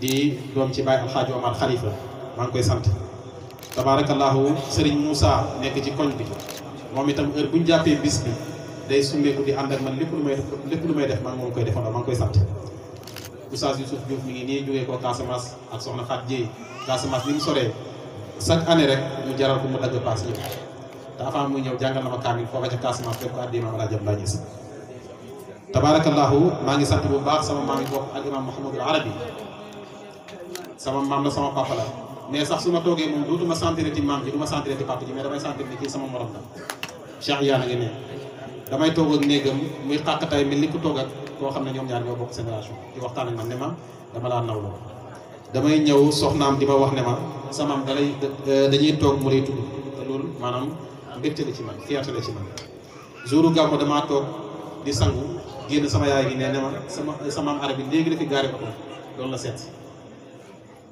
di doom ci Baye Alxaaji Omar Xalifa maa ngi koy sant tabaarakallaahu sëriñ Moussa nekk ci koñ bi moom itam heure bu ñu jàppee bis bi day summeeku di ànd ak lépp lu may lépp lu may def man moom koy defandoo maa ngi koy sant Oustaz Youssouf Diouf mi ngi nii jógee ko Casamance ak soxna Fat Dieye Casamance ni chaque année rek ñu jaral ko mu dagg paas yi te avant muy ñëw jàngal na ma kaamil foofa ca Casamance def ko addi maam Rajab Ba tabarakallahu maa ngi sant bu baax sama maam yi bopp ak imam Mouhamadul Arabi sama maam la sama papa la mais sax su ma toogee moom dootuma sentir ci maam ji du ma ci papa ji mais damay sentir ni sama morom la Cheikh Iyane ngi ne damay toog ak néegam muy xàqataay mel ni ku toog ak koo xam ñaar ñoo bokk génération di waxtaan ak man ne ma dama laa nawloo damay ñëw soxnaam di ma wax ne ma samaam dalay euh, dañuy toog mu lay tudd te loolu maanaam mbégte la ci man fierté la ci man jouru gàmmu damaa toog di sangu génn sama yaay gi ne ne ma sama samaam arab bi léegi dafi gaare oto loolu la seet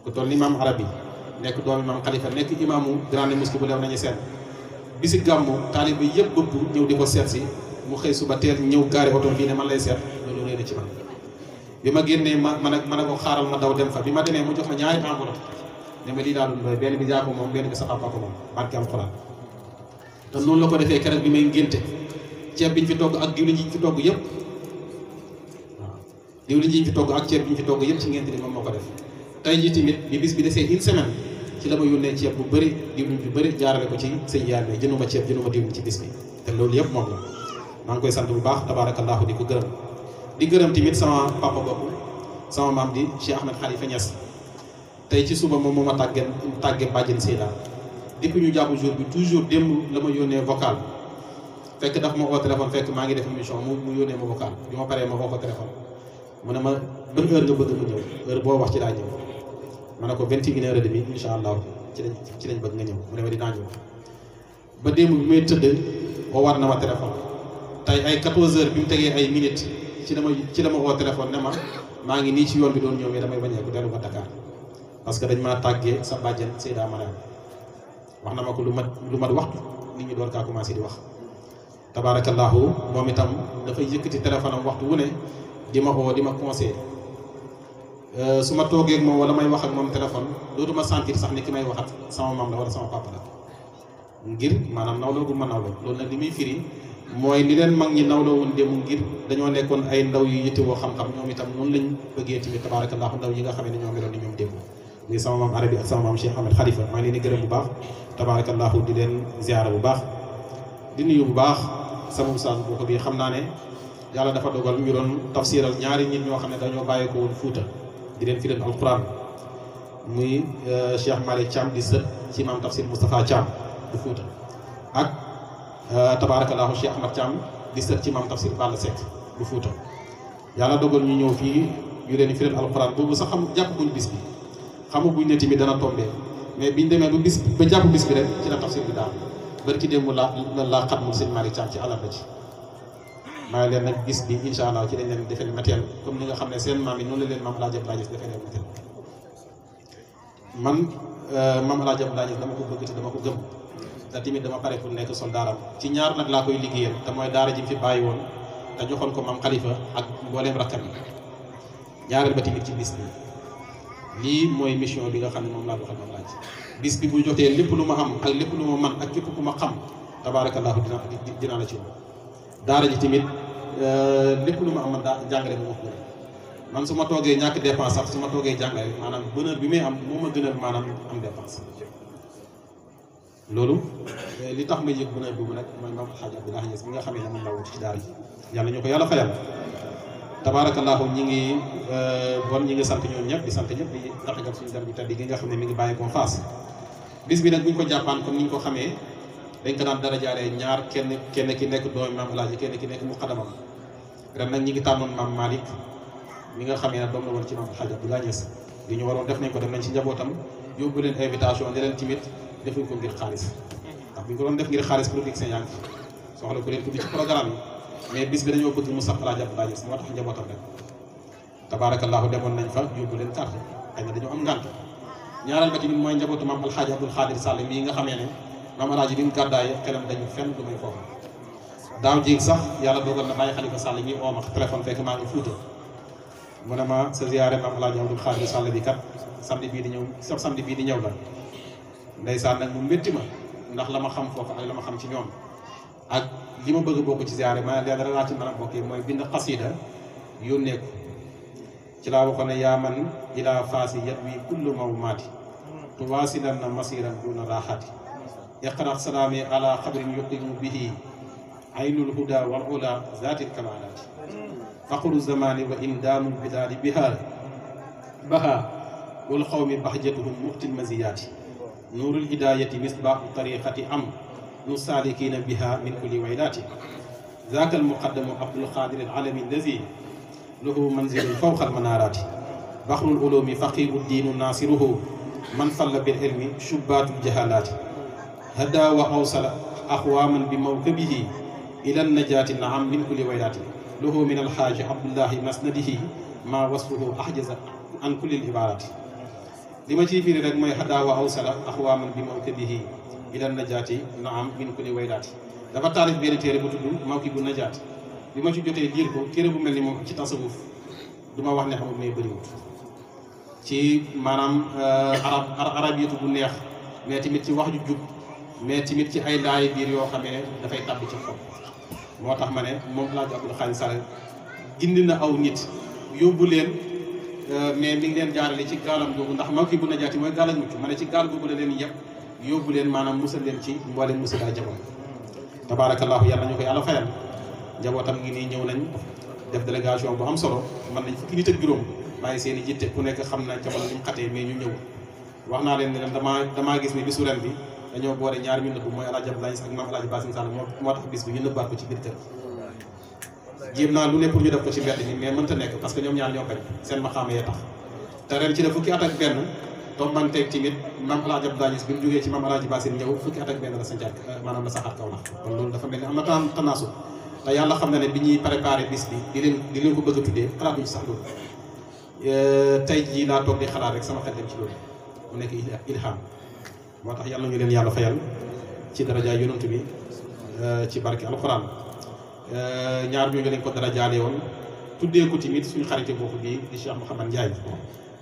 ku toll ni maam arab yi nekk doomi maam xalifa nekk imaamu grande mosquée bu lew nañu seet bisi gàmmu taalib bi yëpp bëpp ñëw di ko seet si mu xëy suba teel ñëw gaare oto fii ne man lay seet loolu réy ci man bi ma génnee ma ma ne ma ne ko xaaral ma daw dem fa bi ma demee mu jox ma ñaari enveloppe ne ma lii daal du doy benn bi yaa ko moom benn bi sa papa ko moom barke alxuraan te noonu la ko defee keroog bi may ngénte ceeb bi ñu fi togg ak diwlin ji ñu fi togg yëpp waaw diwlin ji ñu fi togg ak ceeb bi ñu fi togg yëpp ci ngénte bi moom moo ko def tey jii tamit bi bis bi desee une semaine ci la ma yónnee ceeb bu bëri diwlin bu bëri jaarale ko ci sëñ yaay mais jënduma ceeb jënduma diwlin ci bis bi te loolu yëpp moom la maa ngi koy sant bu baax tabaarakallaahu di ko gërëm di gërëm tamit sama papa boobu sama maam di Cheikh Ahmed Khalifa Niass tey ci suba moom moo ma tàggee tàggee bàjjen Seyda depuis ñu jàpp jour bi toujours démb la ma yónnee vocal fekk daf ma oo téléphone fekk maa ngi def mission mu mu yónnee ma vocal bi ma paree ma woo ko téléphone mu ne ma ban heure nga bëgg mu ñëw heure boo wax ci daa ñëw ma ne ko vingt et une heure et allah ci lañ ci lañ bëgg nga ñëw mu ba démb bi may tëdd oo war na ma téléphone tey ay 14 heures bi mu tegee ay ci la ma ci la ma woo téléphone ne ma maa ngi nii ci yoon bi doon ñëw mais damay bañeeku dellu a Dakar parce que dañ maa tàggee sa bàjjen Seyda Manane wax na ma ko lu mat lu mat waxtu nit ñi door kaa commencé di wax tabaarakallaahu moom itam dafay yëkkati téléphone am waxtu wu ne di ma woo di ma conseillé euh, su ma toogeek ak moom wala may wax ak moom téléphone ma sentir sax ne ki may waxat sama maam la wala sama papa la ngir maanaam naw loogu ma naw loolu mooy li leen mag ñi nawloo woon démb ngir dañoo nekkoon ay ndaw yu yittewoo xam-xam ñoom itam noonu lañ bëggee tamit tabaarakallaahu ndaw yi nga xam ne ñoo meloon ni ñoom démb muy sama maam arabi ak sama maam Cheikh Ahmed Khalifa maa ngi leen di bu baax tabaarakallaahu di bu baax di nuyu bu baax sama ustaas boo bii xam naa ne yàlla dafa dogal ñu doon tafsiral ñaari nit ñoo xam ne dañoo bàyyi ko woon Fuuta di leen fi leen alquran muy euh, Cheikh Malick Thiam di sët ci maam tafsir Moustapha Thiam bu Fuuta ak Euh, tabaarakallaahu Cheikh Ahmad Thiam di sët ci maam Tafsir Balla Seck bu Fuuta yàlla dogal ñu ñëw fii ñu leen firal alxuraan boobu sax xam jàpp buñ bis bi xamaguñ ne tamit dana tombé mais biñ demee ba bis ba jàpp bis bi rek ci la tafsir bi daal barki démb laa laa xat mu sëñ Malick Thiam ci àllarba ci maa ngi leen nag bis bi incha allah ci dañ leen defee matériel comme ni nga xam ne seen maam yi noonu la leen maam El Hadj Abdoulaye Niass defee leen matériel man euh, maam te timi dama pare pour nek soldaram ci ñaar nak la koy liggéeyal te moy daara ji fi bayyi won te joxon ko mam khalifa ak mbooleem rakam ñaaral ba tamit ci bis bi li moy mission bi nga xamne mom la ko doxal la ci bis bi bu joté lepp lu ma am ak lepp lu ma man ak képp ku ma xam tabarakallah dina dina la ci daara ji tamit euh, lepp lu ma am ko man suma toge ñak sax suma toge jangale manam bi may am moma gënal am dépense loolu euh, li tax nga yëg bu nawet boobu nag mooy maam xaaj Abdoulaye Niass mi nga xamee ne moom laa wut ci daara ji yàlla ñu ko yàlla fayal tabaarakallaahu ñi ngi euh, bon ñi ngi sant ñoom ñëpp sant ñëpp di ndax suñu dara bi tedd gi nga xam ne mi ngi bàyyi ko faas bis bi nag bu ñu ko jàppaan comme ñu ko xamee dañ ko daan dara ñaar kenn kenn ki nekk doomi maam Alaaji kenn ki nekk mu xadamam ren ñi ngi tànnoon maam Malick mi nga xamee ne doom la woon ci maam xaaj Abdoulaye Niass li ñu waroon def nañ ko dem nañ ci njabootam yóbbu leen invitation ne leen timit defuñ ko ngir xaalis ndax buñ ko doon def ngir xaalis politique yaa ngi soxla ku leen tudd ci programme mais bis bi dañoo bëgg mu sax laa jàpp laa gis moo rek tabaarakallaahu demoon nañ fa yóbbu leen carte xëy na dañoo am ngànt ñaareel ba tamit mooy njabootu maam alxaaji abdul xaadir sàll mii nga xamee ne maam alxaaji bi mu gàddaay xelam dañu fenn du may foofu daaw jéeg sax yàlla dogal na bàyyi xalifa sàll mii ooma téléphone fekk maa ngi fuuta mu abdul bi kat samedi di samedi di la ndaysan nak mu métti ma ndax lama xam fofu ak lama xam ci ñoom ak lima bëgg a bokk ci ziare ma leen laa ci mën a moy bind qasida yónnee ko ci la waxone ya man ila fasi yadwi wi kullu mawmaati tuwaasilan na masiran duna rahati iqra salaami ala xabrin yuqimu bihi عين الهدى wal ذات الكمالات kamaalaati الزمان وان wa imdaamul بها bihaa bahaa wal xawmi bahjatuhum نور الهداية مصباح طريقة أمر نسالكين بها من كل ويلات ذاك المقدم عبد القادر العالمي الذي له منزل فوق المنارات بحر العلوم فقير الدين ناصره من فل بالعلم شبات الجهالات هدى وأوصل أقواما بموكبه إلى النجاة النعم من كل ويلات له من الحاج عبد الله مسنده ما وصفه أحجز عن كل العبارات li ma ciy firi rek mooy xadaa wa awsala axwaaman bi mawkibihi ila najaati naam min kulli waylaati dafa taarif benn téere bu tudd mawkibu najaat bi ma ci jotee liir ko téere bu mel ni moom ci tasawuf du ma wax ne xamul mais bëriwut ci maanaam euh, arab arabiyatu bu neex mais tamit ci wax ju jub mais tamit ci ay laay biir yoo xamee dafay tàbb ci xol moo tax ma ne moom laaj Abdul Xaadir Sall gindi na aw nit yóbbu Euh, mais mi ngi leen jaarale ci gaalam googu ndax maa fi bu na jaati mooy gaal ak mucc ma ci gaal googu la leen yëpp yóbbu leen maanaam musal leen ci mboolem musal ay jaboot tabaarakallaahu yàlla ñu koy àlla fayal njabootam ngi nii ñëw nañ def délégation bu am solo mën nañ fukki nit ak juróom bàyyi seen ku nekk xam mu xatee mais ñu ñëw wax naa leen ne damaa gis ne bisu ren bi dañoo boole ñaar ñu nëbb mooy El Hadj Abdoulaye ak moo tax bis bi ñu nëbbaat ko ci biir jéem naa lu ne pour ñu def ko ci mbedd mi mais mënta nekk parce que ñoom ñaar ñoo bañ seen maxaama yee tax te ren ci la fukki at ak benn tombanteeg timit mam alaaji ci la sancaat euh, maanaam ni am na tan tanaasu te xam na ne bi ñuy préparé bis bi di leen di leen ko bëgg a tuddee xalaatuñu sax loolu euh, tey jii laa toog di xalaat rek sama xel dem ci loolu mu nekk ilham moo tax yàlla ñu leen yàlla fayal ci darajaay yonent bi euh, ci barke alxuraan Euh, ñaar ñooñu lañ ko dara jaale woon tuddee ko tamit suñu xarite boobu bii di Cheikh Mouhamad Ndiaye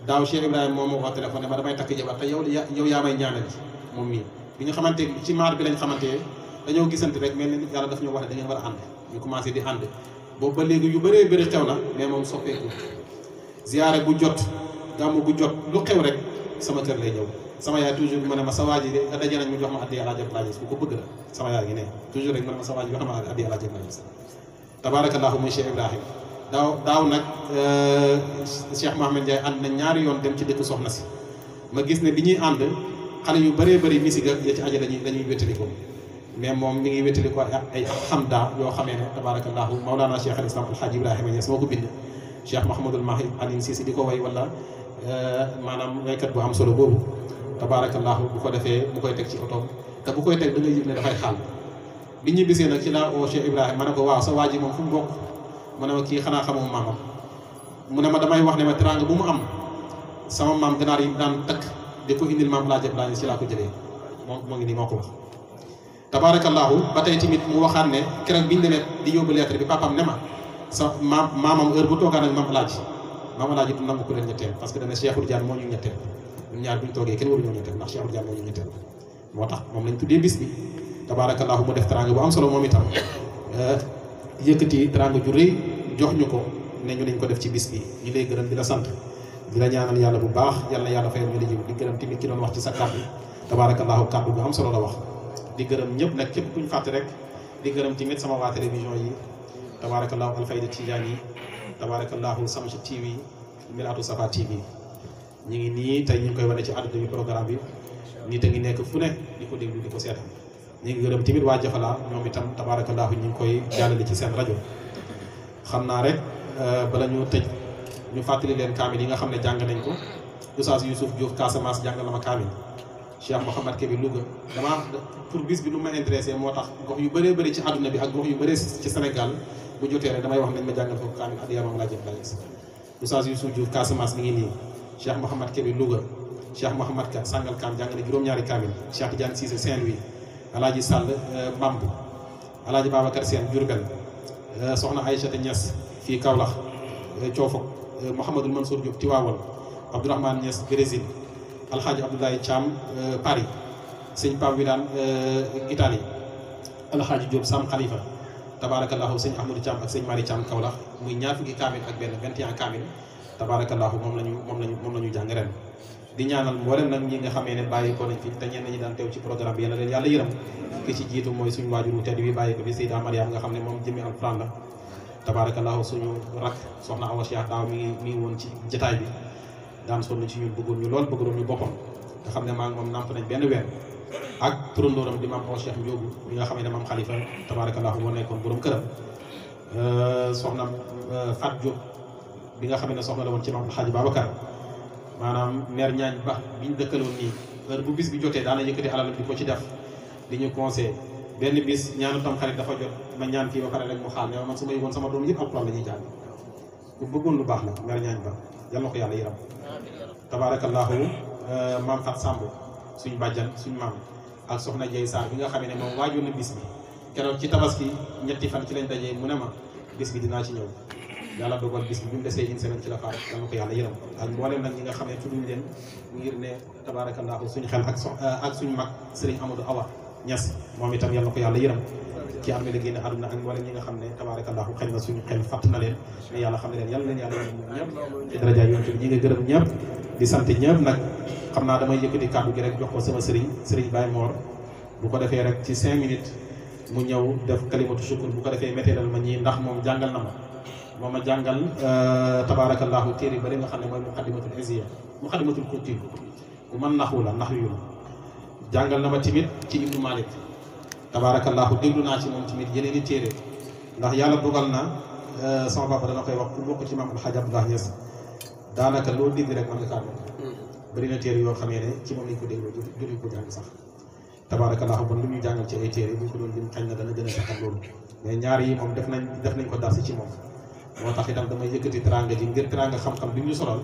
daaw Cheikh Ibrahima moom moo ko téléphoné ma damay takk jabar te yow yow yaa may ñaanal moom mii bi ñu xamante ci maar bi lañ xamante dañoo gisante rek mel ni yàlla daf ñoo wax ne da ngeen war a ànd ñu commencé di ànd boobu ba léegi yu bëree bëri xew na mais moom soppeeku ziyaare bu jot gàmmu bu jot lu xew rek sama kër lay ñëw sama yaay toujours ma ne ma sa waa ji de daje nañ ma jox ma addi àla jëm laa gis ku ko bëgg la sama yaay gi ne toujours rek ma ne ma sa waa ji jox ma addi àla jëm laa gis tabaarakallaahu muy Cheikh Ibrahima daaw daaw nag euh, Cheikh Mohamed Ndiaye ànd na ñaari yoon dem ci dëkk soxna si ma gis ne bi ñuy ànd xale yu bëree bëri misig ak ya ci aja dañuy dañuy wéttali ko mais moom mi ngi wéttali ko ay xamda yoo xamee ne tabaarakallaahu Mawlana Cheikh al Islam Alhaji Ibrahima Niass moo ko bind Cheikh Mahamadul Mahi Aline Cissé di ko way wala euh, maanaam waykat bu am solo boobu tabaarakallaahu bu ko defee bu koy teg ci otoom te bu koy teg da ngay yëg ne dafay xaal bi ñu nag ci laa oo Cheikh Ibrahima ma ne ko waaw sa waa ji moom fu mu bokk mu a ma kii xanaa xamoo maamam mu ne ma damay wax ne ma teraanga bu mu am sama maam ganaar yi daan takk di ko indil maam laajëb laañi si laa ko jëlee moom moo ngi nii moo ko wax tabaarakallaahu ba tey tamit mu waxaat ne keroog biñu demee di yóbbu maamam heure bu toogaan ak maam laaj maam laaj du nangu ku leen ñetteel parce que dana Cheikhul Jaan moo ñu ñetteel ñun ñaar bu toogee kenn waruñoo ñetteel ndax Cheikh Ahmadou moo tax moom lañ tuddee bis bi tabaarakallaahu mu def teraanga bu am solo moom itam eh, yëkkati teraanga ju rëy jox ñu ko ne ñu nañ ko def ci bis bi ñu lay gërëm di la sant di la ñaanal yàlla bu baax yàlla yàlla fayal ñu di gërëm tamit ki doon wax ci sa kàddu tabaarakallaahu kàddu bu am solo la wax di gërëm ñëpp nag képp ñu fàtte rek di gërëm tamit sama waa télévision yi tabaarakallaahu Alfayda Tijaan yi tabaarakallaahu Samsu TV Miraatu Safa TV ñu ngi nii tey ñu ngi koy wane ci àdduna bi programme bi nit a ngi nekk fu ne di ko déglu di ko seetaan ñu ngi gërëm tamit waa Jafalaa ñoom itam tabaarakallaahu ñu ngi koy jàllale ci seen rajo xam naa rek euh, bala ñu tëj ñu fàttali leen kaamil yi nga xam ne jàng nañ ko Oustaz Youssouf Diouf Casamance jàng na ma kaamil Cheikh Mouhamad Kébé Louga damaa pour bis bi lu ma intéressé moo tax gox yu bëree bëri ci àdduna bi ak gox yu bëree ci Sénégal bu jotee rek damay wax nañ ma jàngal ko kaamil ak yaramam laa jëm laa gis Oustaz Youssouf Diouf Casamance mi ngi nii Cheikh Mouhamad Kébé Louga Cheikh Mouhamad Ka Sangal Kam jàng na juróom-ñaari kaamil Cheikh Tidiane Cissé Saint-Louis Alaaji Sall euh, Bamb Alaaji Babacar Sène Diourbel euh, soxna Aïchata Niass fii kawlax euh, Coofok Mouhamadul Mansour Diop Tiwaawal Abdourahmane Niass Brésil Alxaaji Abdoulaye Thiam Paris sëñ Pam Widaan Italie Alxaaji Diop Sam Khalifa tabaarakallaahu sëñ Ahmadou Thiam ak sëñ Mari Thiam Kaolack muy ñaar fukki kaamil ak benn 21 kaamil tabaarakallaahu moom lañu moom lañu moom lañu di ñaanal mboolem nag ñi nga xamee ne bàyyi ko nañ fi te ñenn ñi daan teew ci programme bi yal na leen yàlla yërëm ki ci jiitu mooy suñu waajuru tedd bi bàyyi ko bi Seyda Mariama nga xam ne moom jëmmi alxuraan la tabaarakallaahu suñu rak soxna Awa daaw mi woon ci jataay bi daan sonn ci ñun bëggoon ñu lool bëggoon ñu boppam nga xam ne maa ngi moom namp nañ benn weer ak turandooram di maam Awa Cheikh mi nga bi nga xam ne soxla la woon ci noonu xaaj Babacar maanaam meer ñaañ ba biñ dëkkaloon nii heure bu bis bi jotee daana yëkkati alal di ko ci def di ñu conseil benn bis ñaanu tam xarit dafa jot ma ñaan fii ba pare rek mu xaal ne man su ma yëgoon sama doom yëpp alxuraan la ñuy jàng ku bëggoon lu baax la meer ñaañ ba yal na ko yàlla yaram tabaarakallaahu euh, maam Fat Samb suñ bàjjan suñ maam ak soxna Jey Sarr bi nga xam ne moom waajoon na bis bi keroog ci tabaski ñetti fan ci lañ dajee mu ne ma bis bi dinaa ci ñëw yàlla dogal bis bi mu desee une semaine ci la faat dama ko yàlla yërëm ak mboolem nag ñi nga xam ne tudduñ leen ngir ne tabaarakallaahu suñu xel ak euh, ak suñu mag sëriñ Amadou Awa Niass moom itam yàlla ko yàlla yërëm ci armée la génn àdduna ak mboolem ñi nga xam ne tabaarakallaahu xëy na suñu xel fàtt na leen mais yàlla xam ne leen yàlla leen yàlla a ñëpp ci daraja yoon bi ñi nga gërëm ñëpp di sant ñëpp nag xam naa damay yëkkati kàddu gi rek jox ko sama sëriñ sëriñ Baye Mor bu ko defee rek ci cinq minutes mu ñëw def kalimatu sukkur bu ko defee météral ma ñii ndax moom jàngal na ma moo ma jàngal euh, tabaarakallaahu téere bari nga xam ne mooy muqaddimatul iziya muqaddimatul kunti bu man naxu la naxu yu la jàngal na ma timit ci ibnu malik tabaarakallaahu déglu naa ci moom timit yeneen i téere ndax yàlla dugal na euh, sama papa dama koy wax ku bokk ci maamul xaj baax yes daanaka loo dégg rek mën nga kaa hmm. bëri na téere yoo xamee ne ci moom lañ ko dégloo jotuñ ko jàng sax tabaarakallaahu bon lu ñuy jàngal ci ay téere bu ñu na dana gën a saxal mais ñaar yi def nañ def nañ ko darsi ci moom moo tax itam damay yëkkati teranga ji ngir teranga xam-xam bi ñu solal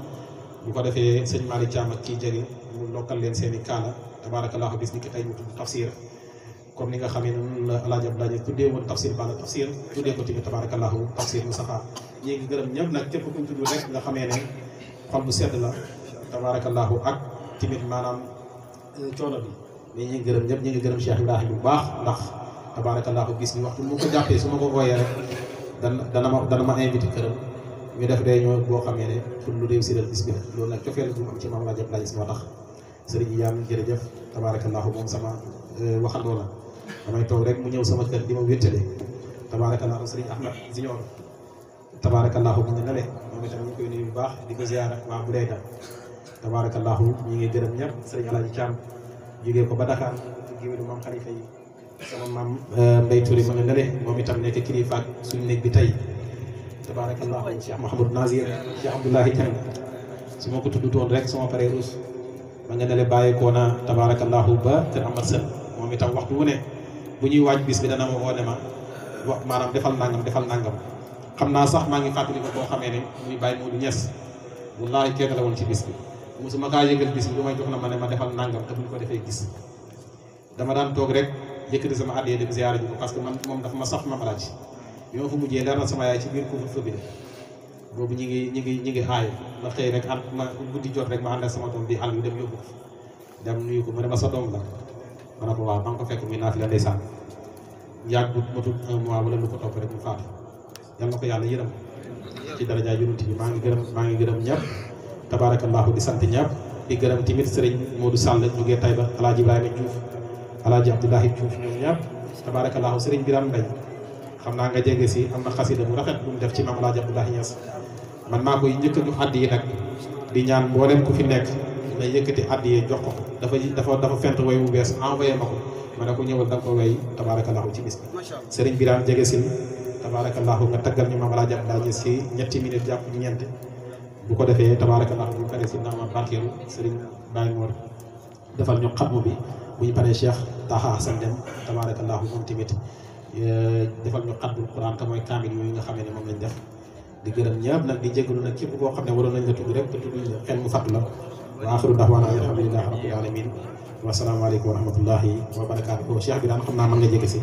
bu ko defee sëñ Malick Thiam ak kii jëriñ mu ndokkal leen seen i kaala tabaarakallaahu bis ni ki tey mu tudd tafsir comme ni nga xamee noonu la El Hadj Abdoulaye tuddee woon tafsir bala tafsir tuddee ko tamit tabaarakallaahu tafsir mu saxaar ñi ngi gërëm ñëpp nag képp ku ñu tudd rek nga xamee ne xol bu sedd la tabaarakallaahu ak tamit maanaam euh, coono bi mais ñi ngi gërëm ñëpp ñi ngi gërëm Cheikh Ibrahima bu baax ndax tabaarakallaahu gis ni waxtu mu ko jàppee su ma ko wooyee rek dana dana ma dana ma invité këram mu def réunion boo xamee ne pour lu réussir bis bi loolu nag cofeel bu mu am ci maam laajab laajis moo tax sëriñ yi yaa ngi jërëjëf tabaarakallaahu moom sama euh, waxandoo la damay toog rek mu ñëw sama kër di ma wéttale tabaarakallaahu sëriñ Ahmad Ziñoor tabaarakallaahu mu ngi nale moom itam ñu koy nuyu bu baax di ko ziyaara waa bu dayda tabaarakallaahu ñu ngi gërëm ñëpp sëriñ Alaaji Caam jógee ko ba Dakar géwélu maam xalifa yi sama maam euh, Mbaye Touré ma nga nele moom itam nekk kilifa ak suñu néeg bi tey tabaarakallah Cheikh Mahamadou Nazir Cheikh Abdoulahi Thiam su ma ko tudd toon rek ma paree rus ma nga nele bàyyeekoo naa tabaarakallahu ba kër Amar Sène moom itam waxtu wu ne bu ñuy waaj bis bi dana ma woo ne ma wax maanaam defal nangam defal nangam xam naa sax maa ngi fàttali ko boo xamee ne muy bàyyi Modou Niass wallaahi kenn la woon ci bis bi mosuma kaa yëngal bis bi lu may jox na ma ne ma defal nangam te bu ko defee gis yëkkati sama àddee dem ziyaara ji ko parce que man moom dafa ma saf ma alaaji ñoo ma fa mujjee dara sama yaay ci biir couvre-feu bi boobu ñi ngi ñi ngi ñi ngi xaay ma xëy rek am ma guddi jot rek ma ànd sama doom bi àll bi dem yóbbu ko dem nuyu ko ma ne ma sa doom la ma ne ko waaw maa ngi ko fekk muy fi la ndeysaan yàggut matul un mois wala lu ko topp rek mu faatu yal na ko yàlla yërëm ci daraja yonent bi maa ngi gërëm maa ngi gërëm ñëpp tabaarakallaahu di sant ñëpp di gërëm timit sëriñ Modou Sall ñu ngi tayba Hadj Ibrahima Diouf alaaji abdoulahi Diouf ñoom ñàpp tabaarakallaahu sëriñ biram mbay xam naa nga jege si am na xasida bu rafet bu mu def ci maam alaaji abdoulahi Niass man maa koy njëkk ñu yi nag di ñaan mboolem ku fi nekk nga yëkkati àdd yi jox ko dafa dafa dafa fent way wu bees envoyé ma ma ne ko ñëwal da nga ko way tabaarakallaahu ci bis bi sëriñ biram jege si tabaarakallaahu nga taggal ñu maam alaaji abdoulahi Niass si ñetti minute jàpp ñeenti bu ko defee tabaarakallaahu bu pare si naa ma barkeelu sëriñ bàyyi defal ñu xatmu bi bu ñu paree Cheikh Taha Hassan Deme tabaarakallaahu moom tamit eh, defal ñu xatbul Quran te mooy kaamil yooyu nga xamee ne moom lañ def di gërëm ñëpp nag di jégalu nag képp koo xam ne waroon nañ la tudd rek te tudd xel mu fàttu la wa axiru da'waana alhamdulillaahi rabbil aalamiin wa salaamu aleykum wa wa barakaatuh Cheikh bi daan xam naa mën nga jege si.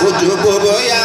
Kutubu boya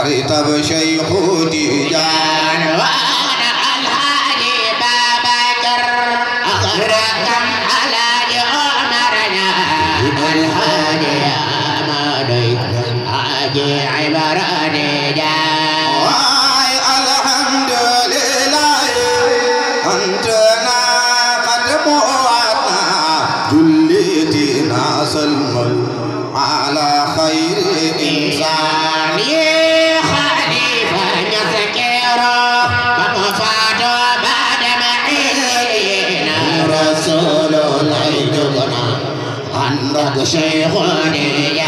ارتب شيخوتي جان وانا الهادي بابا كر اخركم على عمرنا الهادي يا مالك حاجي عمراني جان شيخ الرجال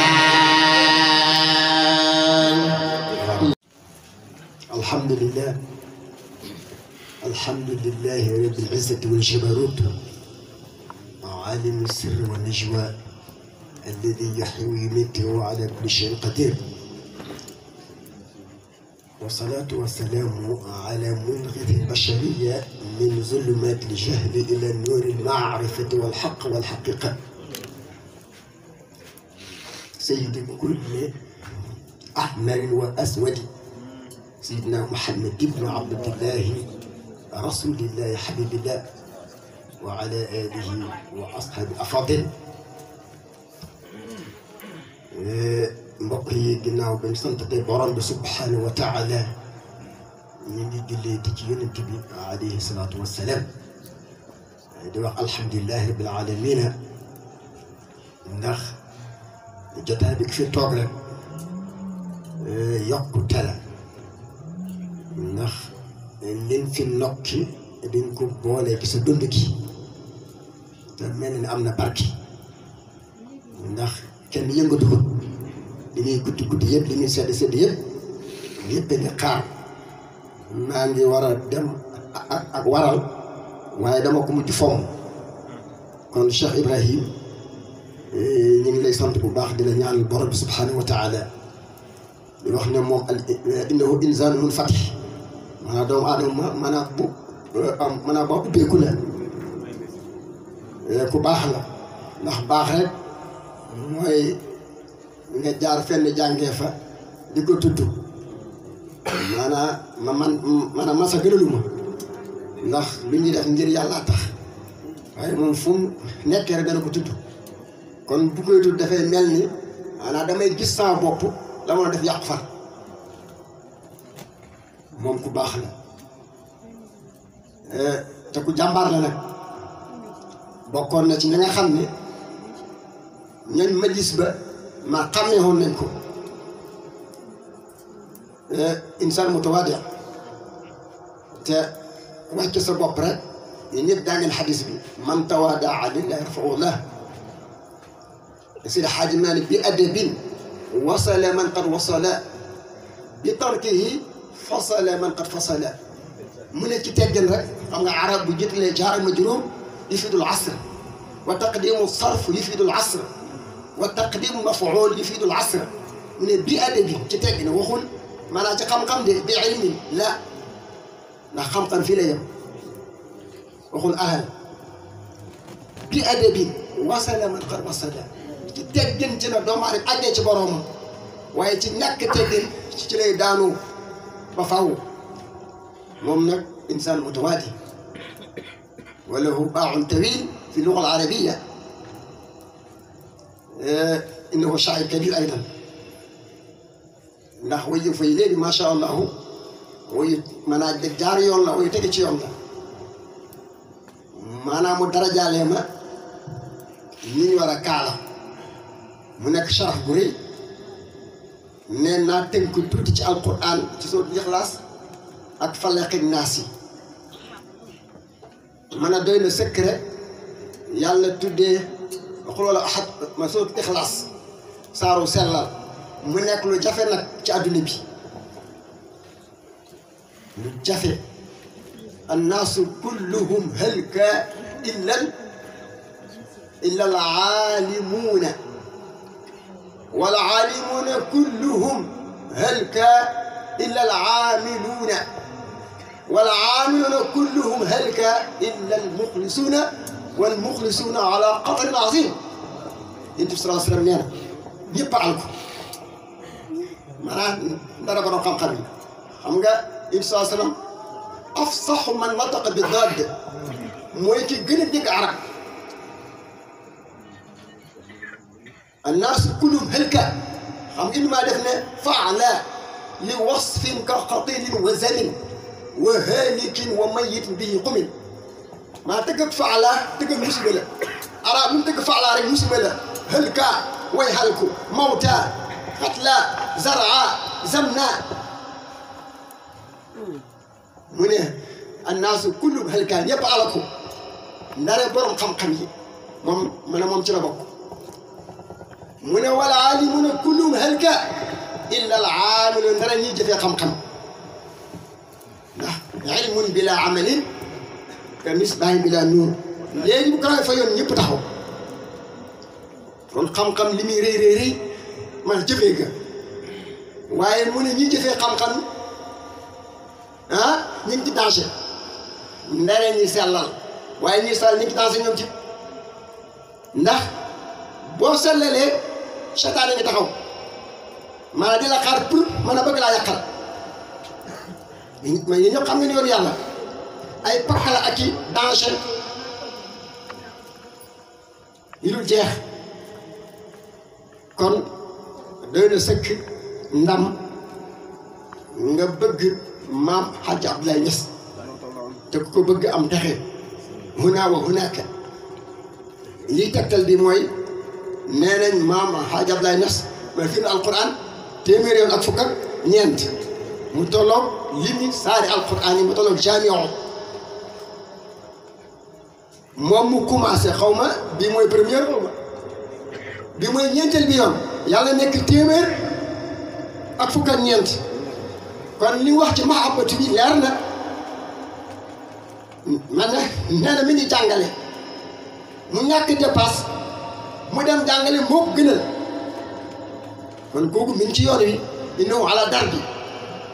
الحمد لله الحمد لله رب العزة والجبروت عالم السر والنجوى الذي يحيي مثله على كل شيء قدير والصلاة والسلام على منغذ البشرية من ظلمات الجهل إلى نور المعرفة والحق والحقيقة سيد كل احمر واسود سيدنا محمد ابن عبد الله رسول الله حبيب الله وعلى اله واصحابه افاضل مبقي قلنا وبين سنتقي برمب سبحانه وتعالى يجي اللي تجي ينتبه عليه الصلاة والسلام دوا الحمد لله رب العالمين نخ jotaay bi fi toog rek e, yokk teral ndax e, liñ fi nokki diñ ko boolee ci sa dund gi te mel na am na barki ndax kenn yëngatuwut li ñuy guddi guddi yëpp li ñuy sedd sedd yëpp yëpp a xaar naa ngi war dem ak waral waaye dama ko mujj fomm kon Cheikh Ibrahim ñu ngi lay sant bu baax di la ñaan borom bi subhanahu wa taala di wax ne moom innahu insaan munfatih maanaam doomu aadama maanaam bu am maanaam ba ubbeeku la ku baax la ndax baax rek mooy nga jaar fenn jàngee fa di ko tudd maanaam ma man maanaam masa gënalu ma ndax lu ñuy def ngir yàlla tax waaye moom fu mu nekkee rek dana ko tudd kon bu koy tudd dafay melni ana damay gis sa bop la mo def yàq fa mom ku bax la euh te ku jambar la nak bokon na ci nga xamni ñen ma gis ba ma xamé hon nañ ko euh insaan mutawaadi te wàcc sa bop rek yéen ñëpp daa ngeen xadis bi man tawaadaa lillahi rafa'u lahu سيدي حاج مالك بأدب وصل من قد وصل بتركه فصل من قد فصل من الكتاب أما العرب جد الجار المجروم يفيد العصر وتقديم الصرف يفيد العصر وتقديم مفعول يفيد العصر من بأدب كتاب وخل ما لا تقام قام بعلم لا لا قام قام في ليه وخل أهل بأدب وصل من قد وصل deddin ci la doom adam ajje ci borom waye ci ñak teddin ci lay daanu ba faaw mom nak insaan mutawadi وله باع طويل في اللغة العربية إنه شاعر كبير أيضا نحو في الليل ما شاء الله ومن الدجار يولا ويتكي يولا ما نام درجة لما من وراء كالا هناك شرح بري من ناتن كتب تج القرآن تسود يخلص أكفل يقين ناسي من دوي السكر يلا تودي أقول له أحد مسود يخلص إيه صاروا سلا من أكل جفة نك تجادني بي جفة الناس كلهم هلك إلا إلا العالمون والعالمون كلهم هلك إلا العاملون والعاملون كلهم هلك إلا المخلصون والمخلصون على قدر عظيم انت في الله عليه وسلم يبقى عنك معناها نرى قبل قريب خمجة انت عليه وسلم أفصح من نطق بالضاد مويكي قلت ديك عرق الناس كلهم هلكة خم إنما دفنا فعلا لوصف كقطيل وزن وهالك وميت به قم ما تقف فعلا تقف مشكلة أرى من تقف فعلا فعل مشكلة هلكة ويهلكوا موتى قتلى زرعى زمنا من الناس كلهم هلكان يبقى لكم نرى برم خم خمي من من من من هو العالمون كلهم هلكا الا العامل ترى نيجي في قمقم نعم، علم بلا عمل كمصباح بلا نور ليه بكرا فيون نيب تاخو كون قمقم لي مي ري ري ري ما جيبيغا واي مون ني جيفي قمقم ها ني نتي داشي ندار ني سالال واي ني سال ني داشي نيوم تي ناخ نعم. boo sellalee seytaane ngi taxaw maanaam di la xaar pour mën a bëgg laa yàqal mais yéen ñëpp xam ngeen yoonu yàlla ay pax la ak i danger yu dul jeex kon doy na sëkk ndam nga bëgg maam Hadj Abdoulaye Niass te ku ko bëgg am texe hunaa wa hunaaka lii tegtal bi mooy. nee Mama hajar Hadj Abdoulaye Niass mooy firi alquran téeméer yoon ak fuk ak ñent mu tolok limi saari alquran yi mu tolok jami'u mom mu commencé xawma bi premier premier première bi moy ñentel bi yon yalla nek téeméer ak fuk ak ñent kon li wax ci mahabbatu bi leer na man na mini na mu ñak dépasse mu dem jàngale moo gënal kon kooku mi ci yoon wi innahu ala darbi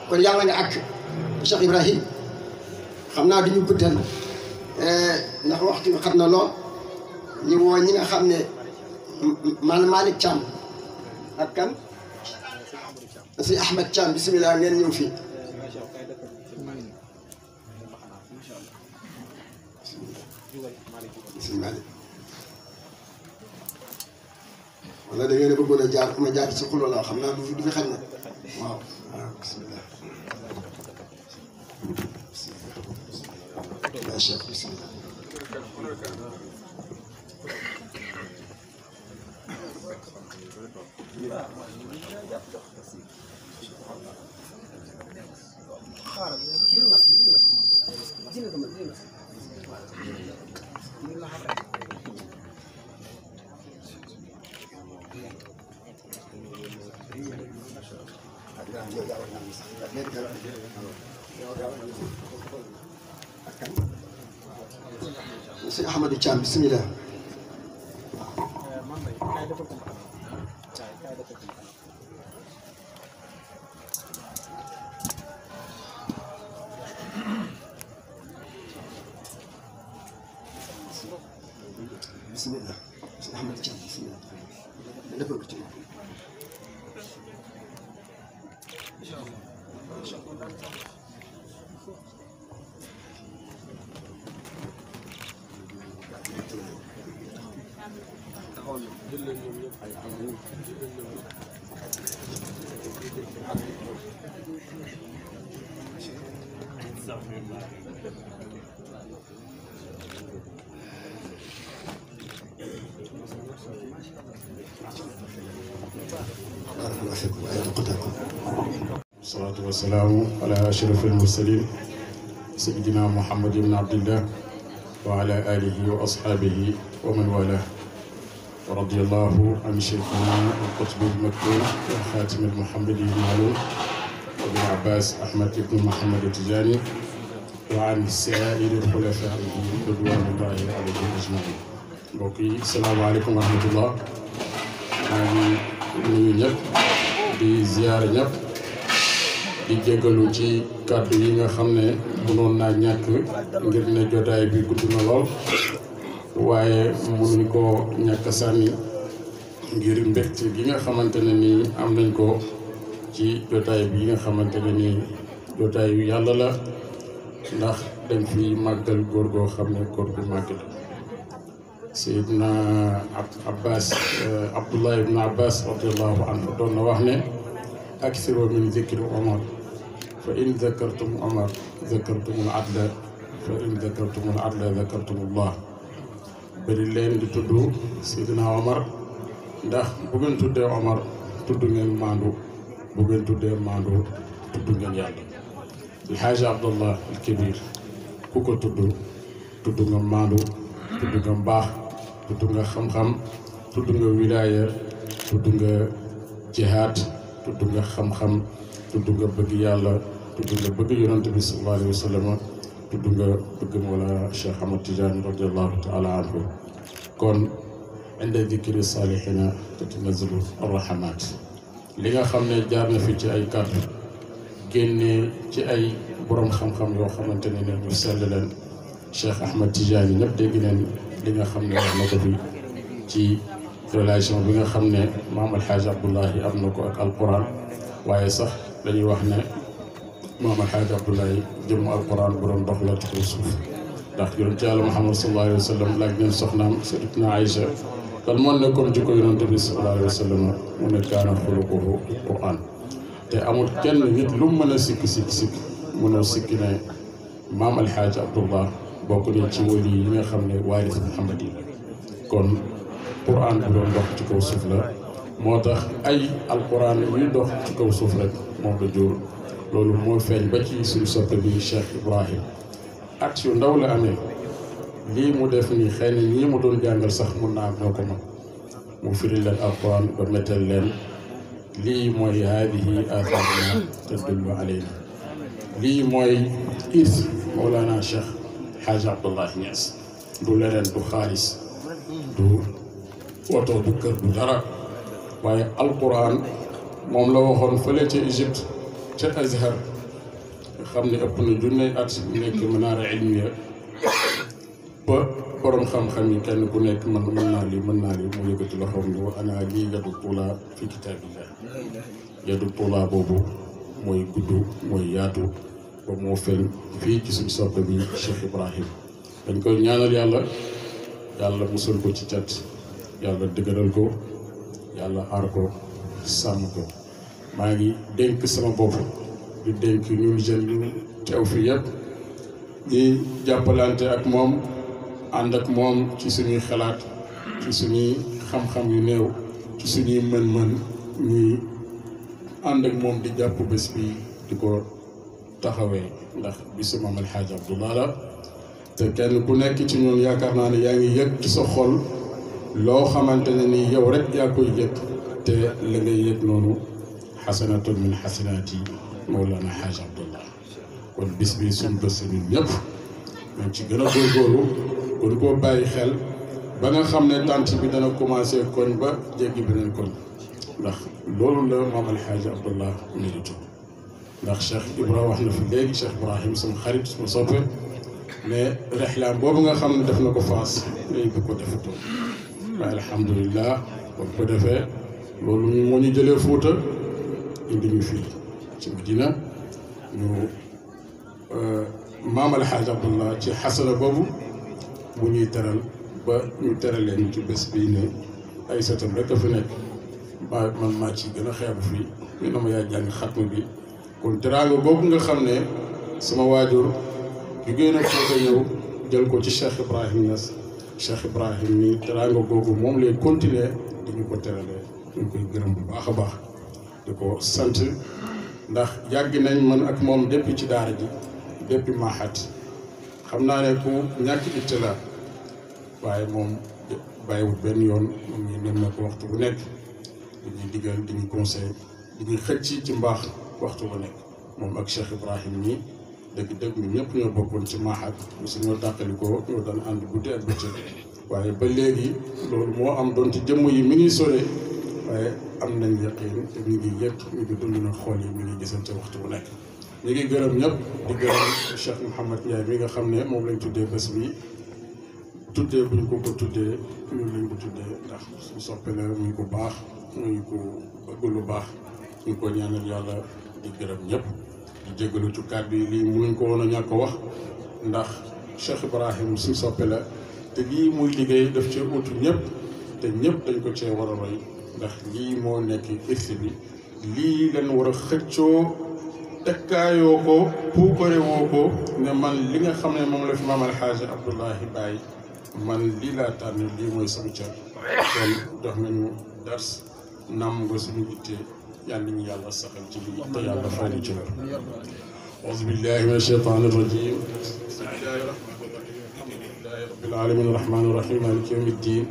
kon yàlla nga ak Cheikh Ibrahim xam naa du ñu guddal eh, ndax waxtu xam na lool ñu woo ñi nga xam ne man Malick Thiam ak kan si Ahmed Thiam bisimilah ngeen ñëw fii wala da ngeen a bëggoon a jaar ma jaar ci xuloo laa xam naa du fi du fi xaj na waaw waaw bismillah yaa cheikh bismillah خارج 아무도 지 않습니다. والسلام على أشرف المرسلين سيدنا محمد بن عبد الله وعلى آله وأصحابه ومن والاه ورضي الله عن شيخنا القطب المكتوم وخاتم المحمدي المعلوم وابن عباس أحمد بن محمد التجاني وعن سائر الخلفاء رضوان الله عليهم أجمعين mbokk السلام عليكم ورحمه الله يعني ngi nuyu ñëpp di ziyaara di jégalu ci kàddu yi nga xam ne mënoon naa ñàkk ngir ne jotaay bi gudd na lool waaye mënuñ koo ñàkk sànni ngir mbégte gi nga xamante ne nii am nañ ko ci jotaay bi nga xamante ne nii jotaay yu yàlla la ndax dañ fi màggal góor goo xam ne góor gu màgg la Seydina Abbas euh, Abdullah ibn Abbas doon na wax ne aksiru min zikri Omar fa in zakartum Omar zakartumul in di tudd Seydina Omar ndax bu ngeen tuddee tudd ngeen maandu bu ngeen maandu tudd ngeen yàlla El Hadj Abdallah El ku ko tudd tudd nga maandu tudd nga mbaax tudd nga xam-xam tudd nga wilaaya tudd nga jihaad tudd nga xam-xam tudd nga bëgg yàlla tudd nga bëgg yonante bi sallallahu alayhi wa sallam tudd nga bëgg Mawlana Cheikh Ahmad Tidiane radiallahu taala anhu kon li nga xam ne jaar na fi ci ay kàddu génne ci ay borom xam yoo xamante ne ne ñu sell leen Cheikh Ahmad Tidiane ñëpp dégg neen li nga xam ne wax na relation bi nga xamne ne maam abdullah abdullahi ak alquran waye sax dañuy wax ne maam alxaaj abdullah jëm alquran bu doon dox la ci kaw suuf ndax yonent yàlla muhammad sallallahu alayhi wa sallam laaj neen soxnaam sayidna aïcha lan moo nekkoon jikko yonent bi sallallahu alayhi wa sallam mu ne kaana xuluquhu alquran te amul kenn nit lu mu meuna sik sik sik mu a sik ne maam alxaaj abdullah bokku ci wali yi nga xamne walid muhammadin kon القران دون دوخ تي كو سوف لا موتاخ اي القران وي دوخ تي كو سوف لا موتا جور لولو مو فاج با تي سي سوت بي شيخ ابراهيم اكسيو ndaw la amé li mu def ni xéne ni mu doon jangal sax mu na moko mo mu firi la alquran ba metel len li moy هذه اخرنا تدل علينا li moy is مولانا شيخ حاج عبد الله نياس دو لرن دو خالص دو oto du kër waaye alquran moom la waxoon fële ca Égypte ca Azhar nga xam ne ëpp na junne at nekk manaara ilmiya ba borom xam-xam yi kenn ku nekk man mën naa lii mën naa lii mu yëkkati loxoom ni wa ana lii yadu tuulaa fi kitaabillah yadu tuulaa boobu mooy gudd mooy yaatu ba moo feeñ fii ci suñu soppe bi Cheikh Ibrahim dañ koy ñaanal yàlla yàlla musal ko ci cat yàlla dëgëral ko yàlla aar ko sàmm ko maa ngi dénk sama bopp di dénk ñun jeunes ñu teew fi yëpp di jàppalante ak moom ànd ak moom ci suñuy xalaat ci suñuy xam-xam yu néew ci suñuy mën-mën ñuy ànd ak moom di jàpp bés bi di ko taxawee ndax bi bisu Maam El Hadj Abdoulaye la te kenn ku nekk ci ñun yaakaar naa ne yaa ngi yëg ci sa xol loo xamante ne ni yow rek yaa koy yëg te la ngay yëg noonu xasanatun min xasanaati Mawlana Haj Abdallah kon bis bi suñ bës ñun ñëpp nañ ci gën a góorgóorlu kon koo bàyyi xel ba nga xam ne tant bi dana commencé kon ba jéggi beneen koñ ndax loolu la maam alxaaji abdullah mérito ndax Cheikh Ibrahima wax na fi léegi Cheikh Ibrahim sama xarit sama soppe mais rexlaam boobu nga xam ne def na ko faas léegi ko defatoon الحمد لله وكبر دفع لولو موني جلي فوتا اندي ني في سي مدينة نو مام الحاج عبد الله تي حسن بابو موني ترال با ني ترال لين تي بس بي ني اي ستام رك في نك با مان ما تي غنا خيب في مي نما يا جان خاتم بي كون ترال بابو nga xamne sama wajur jigeena ko ko ñew jël ko ci cheikh ibrahim nass Cheikh Ibrahim ni teraanga googu moom lay continuer dañu ko terale ñu koy gërëm bu baax a baax di ko sant ndax yàgg nañ man ak moom dépp ci daara ji depuis maaxaat xam naa ne ku ñàkk itte la waaye moom bàyyiwul benn yoon moom ñu nem na ko waxtu bu nekk dañuy diggal dañuy conseil dañuy xëcc ci mbaax waxtu bu nekk moom ak Cheikh Ibrahim nii dëgg dëgg ñu ñëpp ñoo bokkoon ci maaxaat mosu ñoo tàqali ko ñoo daan ànd guddi ak bëccëg waaye ba léegi loolu moo am doon ci jëmm yi mi ngi sore waaye am nañ yaqin te mi ngi yëg mi ngi dund na xool yi mi ngi ci waxtu bu nekk. ñu ngi gërëm ñëpp di gërëm Cheikh Mouhamed Ndiaye mi nga xam ne moom lañ tuddee bés bi tuddee bu ñu ko ko tuddee ñun lañ ko tuddee ndax su soppe la muy ko baax muy ko lu baax ñu ko ñaanal yàlla di gërëm ñëpp. di jégalu ci kàddu yi lii mënuñ ko woon a ñàkk wax ndax Cheikh Ibrahim si soppe la te lii muy liggéey daf cee utu ñëpp te ñëpp dañ ko cee war a roy ndax lii moo nekk irsi bi lii leen war a xëccoo tekkaayoo ko puukare ko ne man li nga xam ne moom la fi maam alxaaji Abdullahi Baye man lii laa tànn lii mooy sama cër kon jox nañu dars nam nga suñu ittee يعني يا الله saxal ci يا te yàlla أعوذ بالله من الشيطان الرجيم بسم الله الرحمن الرحيم الحمد لله رب العالمين الرحمن الرحيم مالك يوم الدين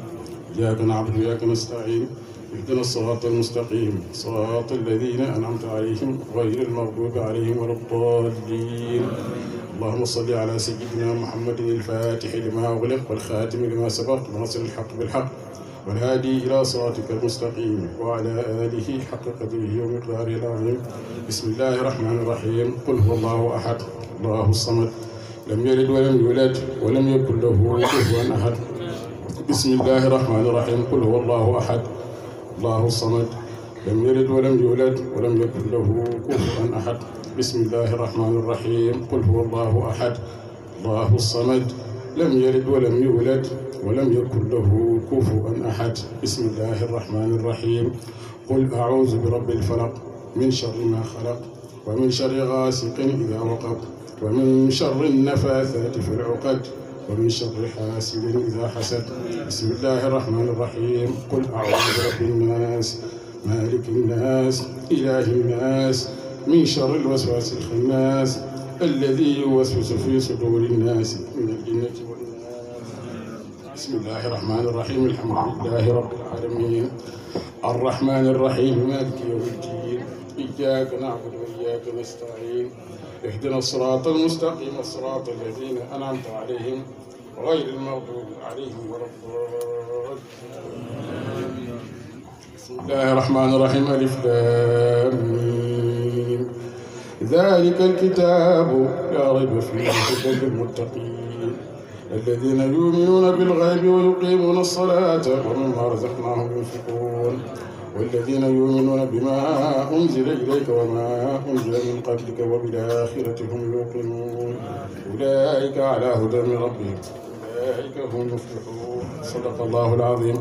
إياك نعبد وإياك نستعين اهدنا الصراط المستقيم صراط الذين أنعمت عليهم غير المغضوب عليهم ولا الضالين اللهم صل على سيدنا محمد الفاتح لما أغلق والخاتم لما سبق ناصر الحق بالحق والهادي إلى صراطك المستقيم وعلى آله حق قدره ومقداره العظيم بسم الله الرحمن الرحيم قل هو الله أحد الله الصمد لم يلد ولم يولد ولم يكن له كفوا أحد بسم الله الرحمن الرحيم قل هو الله أحد الله الصمد لم يلد ولم يولد ولم يكن له كفوا أحد بسم الله الرحمن الرحيم قل هو الله أحد الله الصمد لم يلد ولم يولد ولم يكن له كفوا أحد بسم الله الرحمن الرحيم قل أعوذ برب الفلق من شر ما خلق ومن شر غاسق إذا وقب ومن شر النفاثات في العقد ومن شر حاسد إذا حسد بسم الله الرحمن الرحيم قل أعوذ برب الناس مالك الناس إله الناس من شر الوسواس الخناس الذي يوسوس في صدور الناس من الجنة والناس بسم الله الرحمن الرحيم الحمد لله رب العالمين الرحمن الرحيم مالك يوم الدين إياك نعبد وإياك نستعين اهدنا الصراط المستقيم الصراط الذين أنعمت عليهم غير المغضوب عليهم ولا بسم الله الرحمن الرحيم ألف لام ذلك الكتاب لا ريب فيه هدى للمتقين الذين يؤمنون بالغيب ويقيمون الصلاة ومما رزقناهم ينفقون والذين يؤمنون بما أنزل إليك وما أنزل من قبلك وبالآخرة هم يوقنون أولئك على هدى من ربهم أولئك هم المفلحون صدق الله العظيم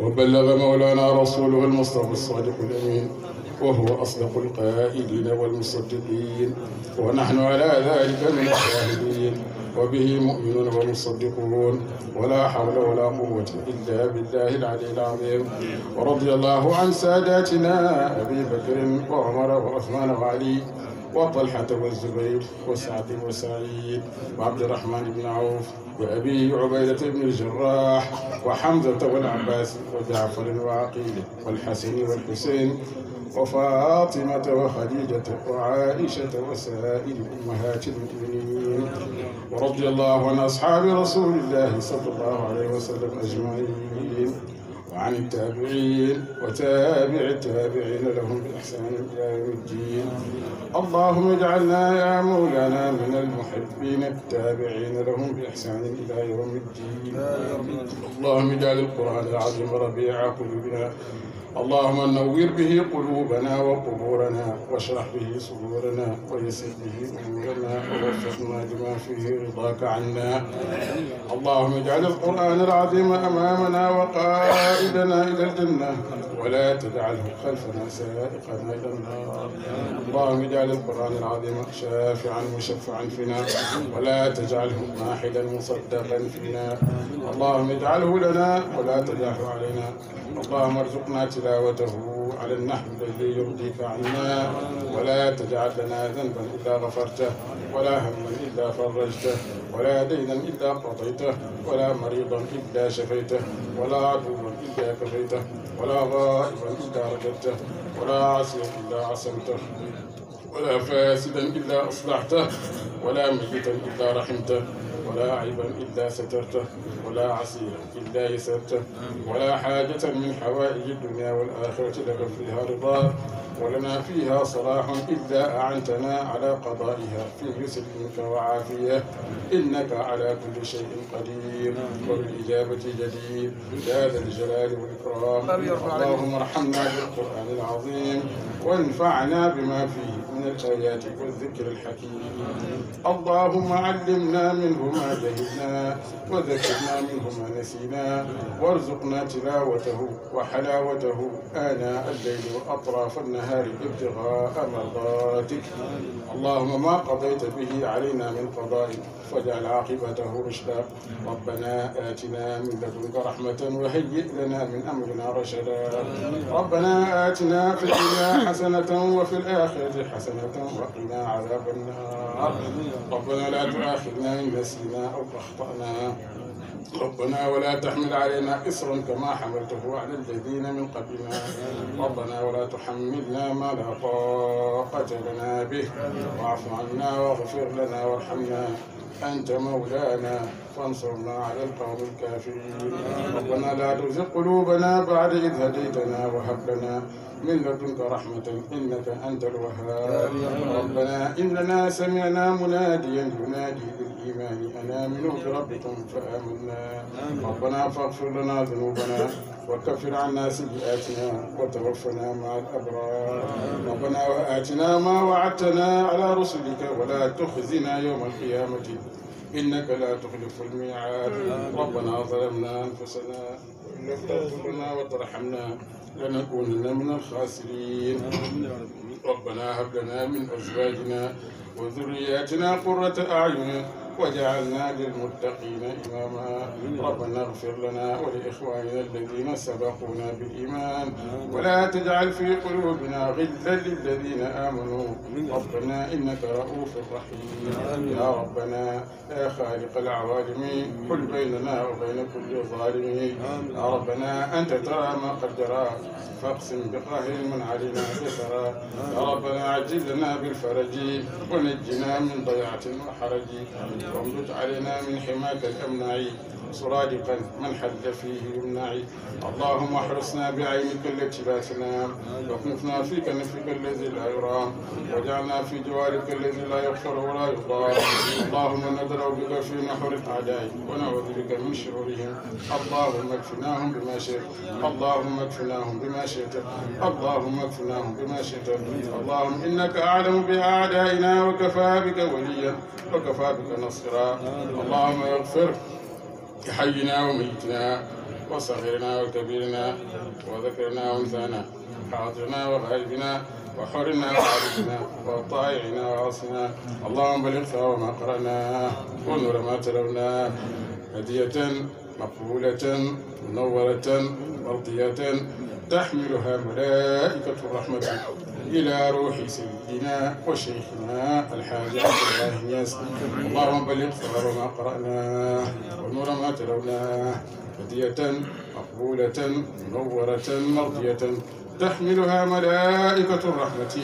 وبلغ مولانا رسوله المصطفى الصادق الأمين وهو أصدق القائلين والمصدقين ونحن على ذلك من الشاهدين وبه مؤمنون ومصدقون ولا حول ولا قوة إلا بالله العلي العظيم ورضي الله عن ساداتنا أبي بكر وعمر وعثمان وعلي وطلحة والزبير وسعد وسعيد وعبد الرحمن بن عوف وأبي عبيدة بن الجراح وحمزة والعباس وجعفر وعقيل والحسن والحسين وفاطمة وخديجة وعائشة وسائر أمهات المؤمنين ورضي الله عن أصحاب رسول الله صلى الله عليه وسلم أجمعين وعن التابعين وتابع التابعين لهم بإحسان إلى يوم الدين اللهم اجعلنا يا مولانا من المحبين التابعين لهم بإحسان إلى يوم الدين اللهم اجعل القرآن العظيم ربيع قلوبنا اللهم نور به قلوبنا وقبورنا واشرح به صدورنا ويسر به امورنا ووفقنا لما فيه رضاك عنا اللهم اجعل القران العظيم امامنا وقائدنا الى الجنه ولا تجعله خلفنا سائقا الى النار اللهم اجعل القران العظيم شافعا مشفعا فينا ولا تجعله ماحدا مصدقا فينا اللهم اجعله لنا ولا تجعله علينا اللهم ارزقنا تلاوته على النحو الذي يرضيك عنا ولا تجعل لنا ذنبا الا غفرته ولا هما الا فرجته ولا دينا الا قضيته ولا مريضا الا شفيته ولا عدوا الا كفيته ولا ظالما إلا رددته ولا عاصيا إلا عصمته ولا فاسدا إلا أصلحته ولا ميتا إلا رحمته ولا عيبا إلا سترته ولا عسيرا إلا يسرته ولا حاجة من حوائج الدنيا والآخرة لك فيها رضاه ولنا فيها صلاح إذا أعنتنا على قضائها في مثل منك وعافية إنك على كل شيء قدير وبالإجابة جدير يا ذا الجلال والإكرام اللهم ارحمنا بالقرآن العظيم وانفعنا بما فيه من الآيات والذكر الحكيم اللهم علمنا منه ما جهلنا وذكرنا منه ما نسينا وارزقنا تلاوته وحلاوته آناء الليل وأطراف النهار النهار ابتغاء مرضاتك اللهم ما قضيت به علينا من قضاء فاجعل عاقبته رشدا ربنا آتنا من لدنك رحمة وهيئ لنا من أمرنا رشدا ربنا آتنا في الدنيا حسنة وفي الآخرة حسنة وقنا عذاب النار ربنا لا تؤاخذنا إن نسينا أو أخطأنا ربنا ولا تحمل علينا إصرا كما حملته على الذين من قبلنا ربنا ولا تحملنا ما لا طاقة لنا به واعف عنا واغفر لنا وارحمنا أنت مولانا فانصرنا على القوم الكافرين ربنا لا تزغ قلوبنا بعد إذ هديتنا وهب لنا من لدنك رحمة إنك أنت الوهاب ربنا إننا سمعنا مناديا ينادي بالإيمان أنا آمنوا بربكم فآمنا ربنا فاغفر لنا ذنوبنا وكفر عنا سيئاتنا وتوفنا مع الأبرار ربنا وآتنا ما وعدتنا على رسلك ولا تخزنا يوم القيامة إنك لا تخلف الميعاد ربنا ظلمنا أنفسنا وإن تغفر لنا وترحمنا لنكونن من الخاسرين ربنا هب لنا من أزواجنا وذرياتنا قرة أعين وجعلنا للمتقين إماما ربنا اغفر لنا ولإخواننا الذين سبقونا بالإيمان ولا تجعل في قلوبنا غلا للذين آمنوا ربنا إنك رؤوف رحيم يا ربنا يا خالق العوالمين كل بيننا وبين كل ظالمين يا ربنا أنت ترى ما قد جرى فاقسم بقهر من علينا سترى يا ربنا عجلنا بالفرج ونجنا من ضيعة وحرج واغدد علينا من حماك الأمنعين سرادقا من حد فيه يمنعي اللهم احرسنا بعينك التي لا تنام وكنفنا في كنفك الذي لا يرام واجعلنا في جوارك الذي لا يغفر ولا يضار اللهم ندر بك في نحر اعدائك ونعوذ بك من شرورهم اللهم اكفناهم بما شئت اللهم اكفناهم بما شئت اللهم اكفناهم بما شئت اللهم انك اعلم باعدائنا وكفى بك وليا وكفى بك نصيرا اللهم اغفر كحينا وميتنا وصغيرنا وكبيرنا وذكرنا وانثانا حاضرنا وغائبنا وحرنا وعارفنا وطائعنا وعاصنا اللهم بلغ ثواب ما قرانا ونور ما تلونا هدية مقبولة منورة مرضية تحملها ملائكة الرحمة إلى روح سيدنا وشيخنا الحاج عبد الله اللهم بلغ ثواب ما قرأناه نورا لولاه هدية مقبولة منورة مرضية تحملها ملائكة الرحمة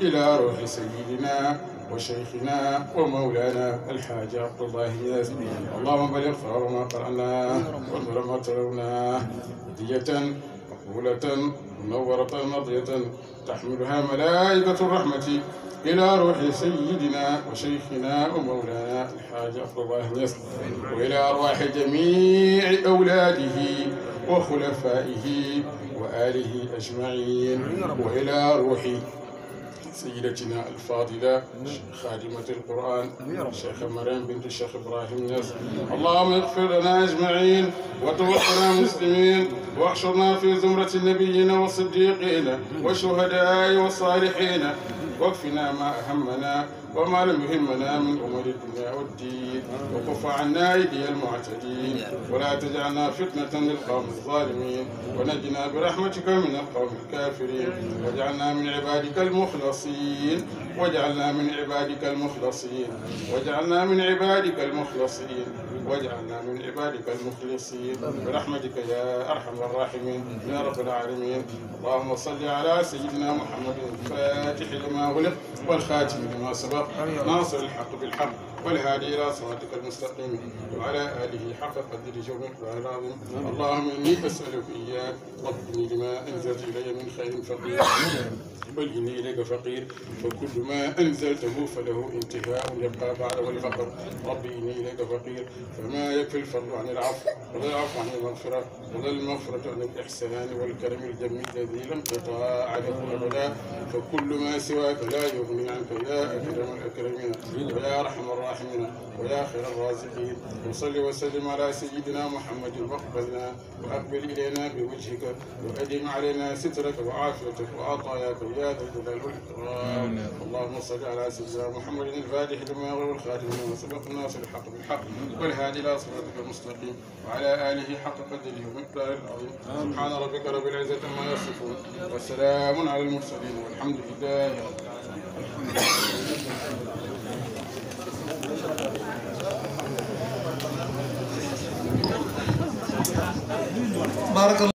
إلى روح سيدنا وشيخنا ومولانا الحاج عبد الله ياسين اللهم بلغ فرار ما قرأناه ونور ما تلوناه هدية مقبولة منورة مرضية تحملها ملائكة الرحمة إلى روح سيدنا وشيخنا ومولانا الحاج أفضل الله نصر وإلى أرواح جميع أولاده وخلفائه وآله أجمعين وإلى روح سيدتنا الفاضلة خادمة القرآن شيخ مريم بنت الشيخ إبراهيم ناس اللهم اغفر لنا أجمعين وتوفنا مسلمين واحشرنا في زمرة النبيين والصديقين والشهداء والصالحين واكفنا ما أهمنا وما لم يهمنا من امور الدنيا والدين وكف عنا ايدي المعتدين ولا تجعلنا فتنه للقوم الظالمين ونجنا برحمتك من القوم الكافرين واجعلنا من عبادك المخلصين واجعلنا من عبادك المخلصين واجعلنا من عبادك المخلصين واجعلنا من عبادك المخلصين برحمتك يا ارحم الراحمين يا رب العالمين اللهم صل على سيدنا محمد الفاتح لما غلق والخاتم لما سبق ناصر الحق بالحق والهادي إلى صراطك المستقيم وعلى آله حق قدر جودك وعظام اللهم إني أسألك إياك واغفرني لما أنزلت إلي من خير فقير بل إني إليك فقير وكل ما أنزلته فله انتهاء يبقى بعده الفقر ربي إني إليك فقير فما يكفي الفضل عن العفو ولا العفو عن المغفرة ولا المغفرة عن الإحسان والكرم الجميل الذي لم تطاع عليه أبدا فكل ما سواك لا يغني عنك يا أكرم الأكرمين ويا أرحم الراحمين الراحمين ولا خير الرازقين وصلي وسلم على سيدنا محمد واقبلنا واقبل الينا بوجهك وادم علينا سترك وعافيتك وعطاياك يا ذا الجلال والاكرام اللهم صل على سيدنا محمد الفاتح لما يغلب الخاتم لما سبق الناس الحق بالحق والهادي الى صراطك المستقيم وعلى اله حق قدره ومقداره العظيم سبحان ربك رب العزه عما يصفون والسلام على المرسلين والحمد لله رب العالمين বারাকাল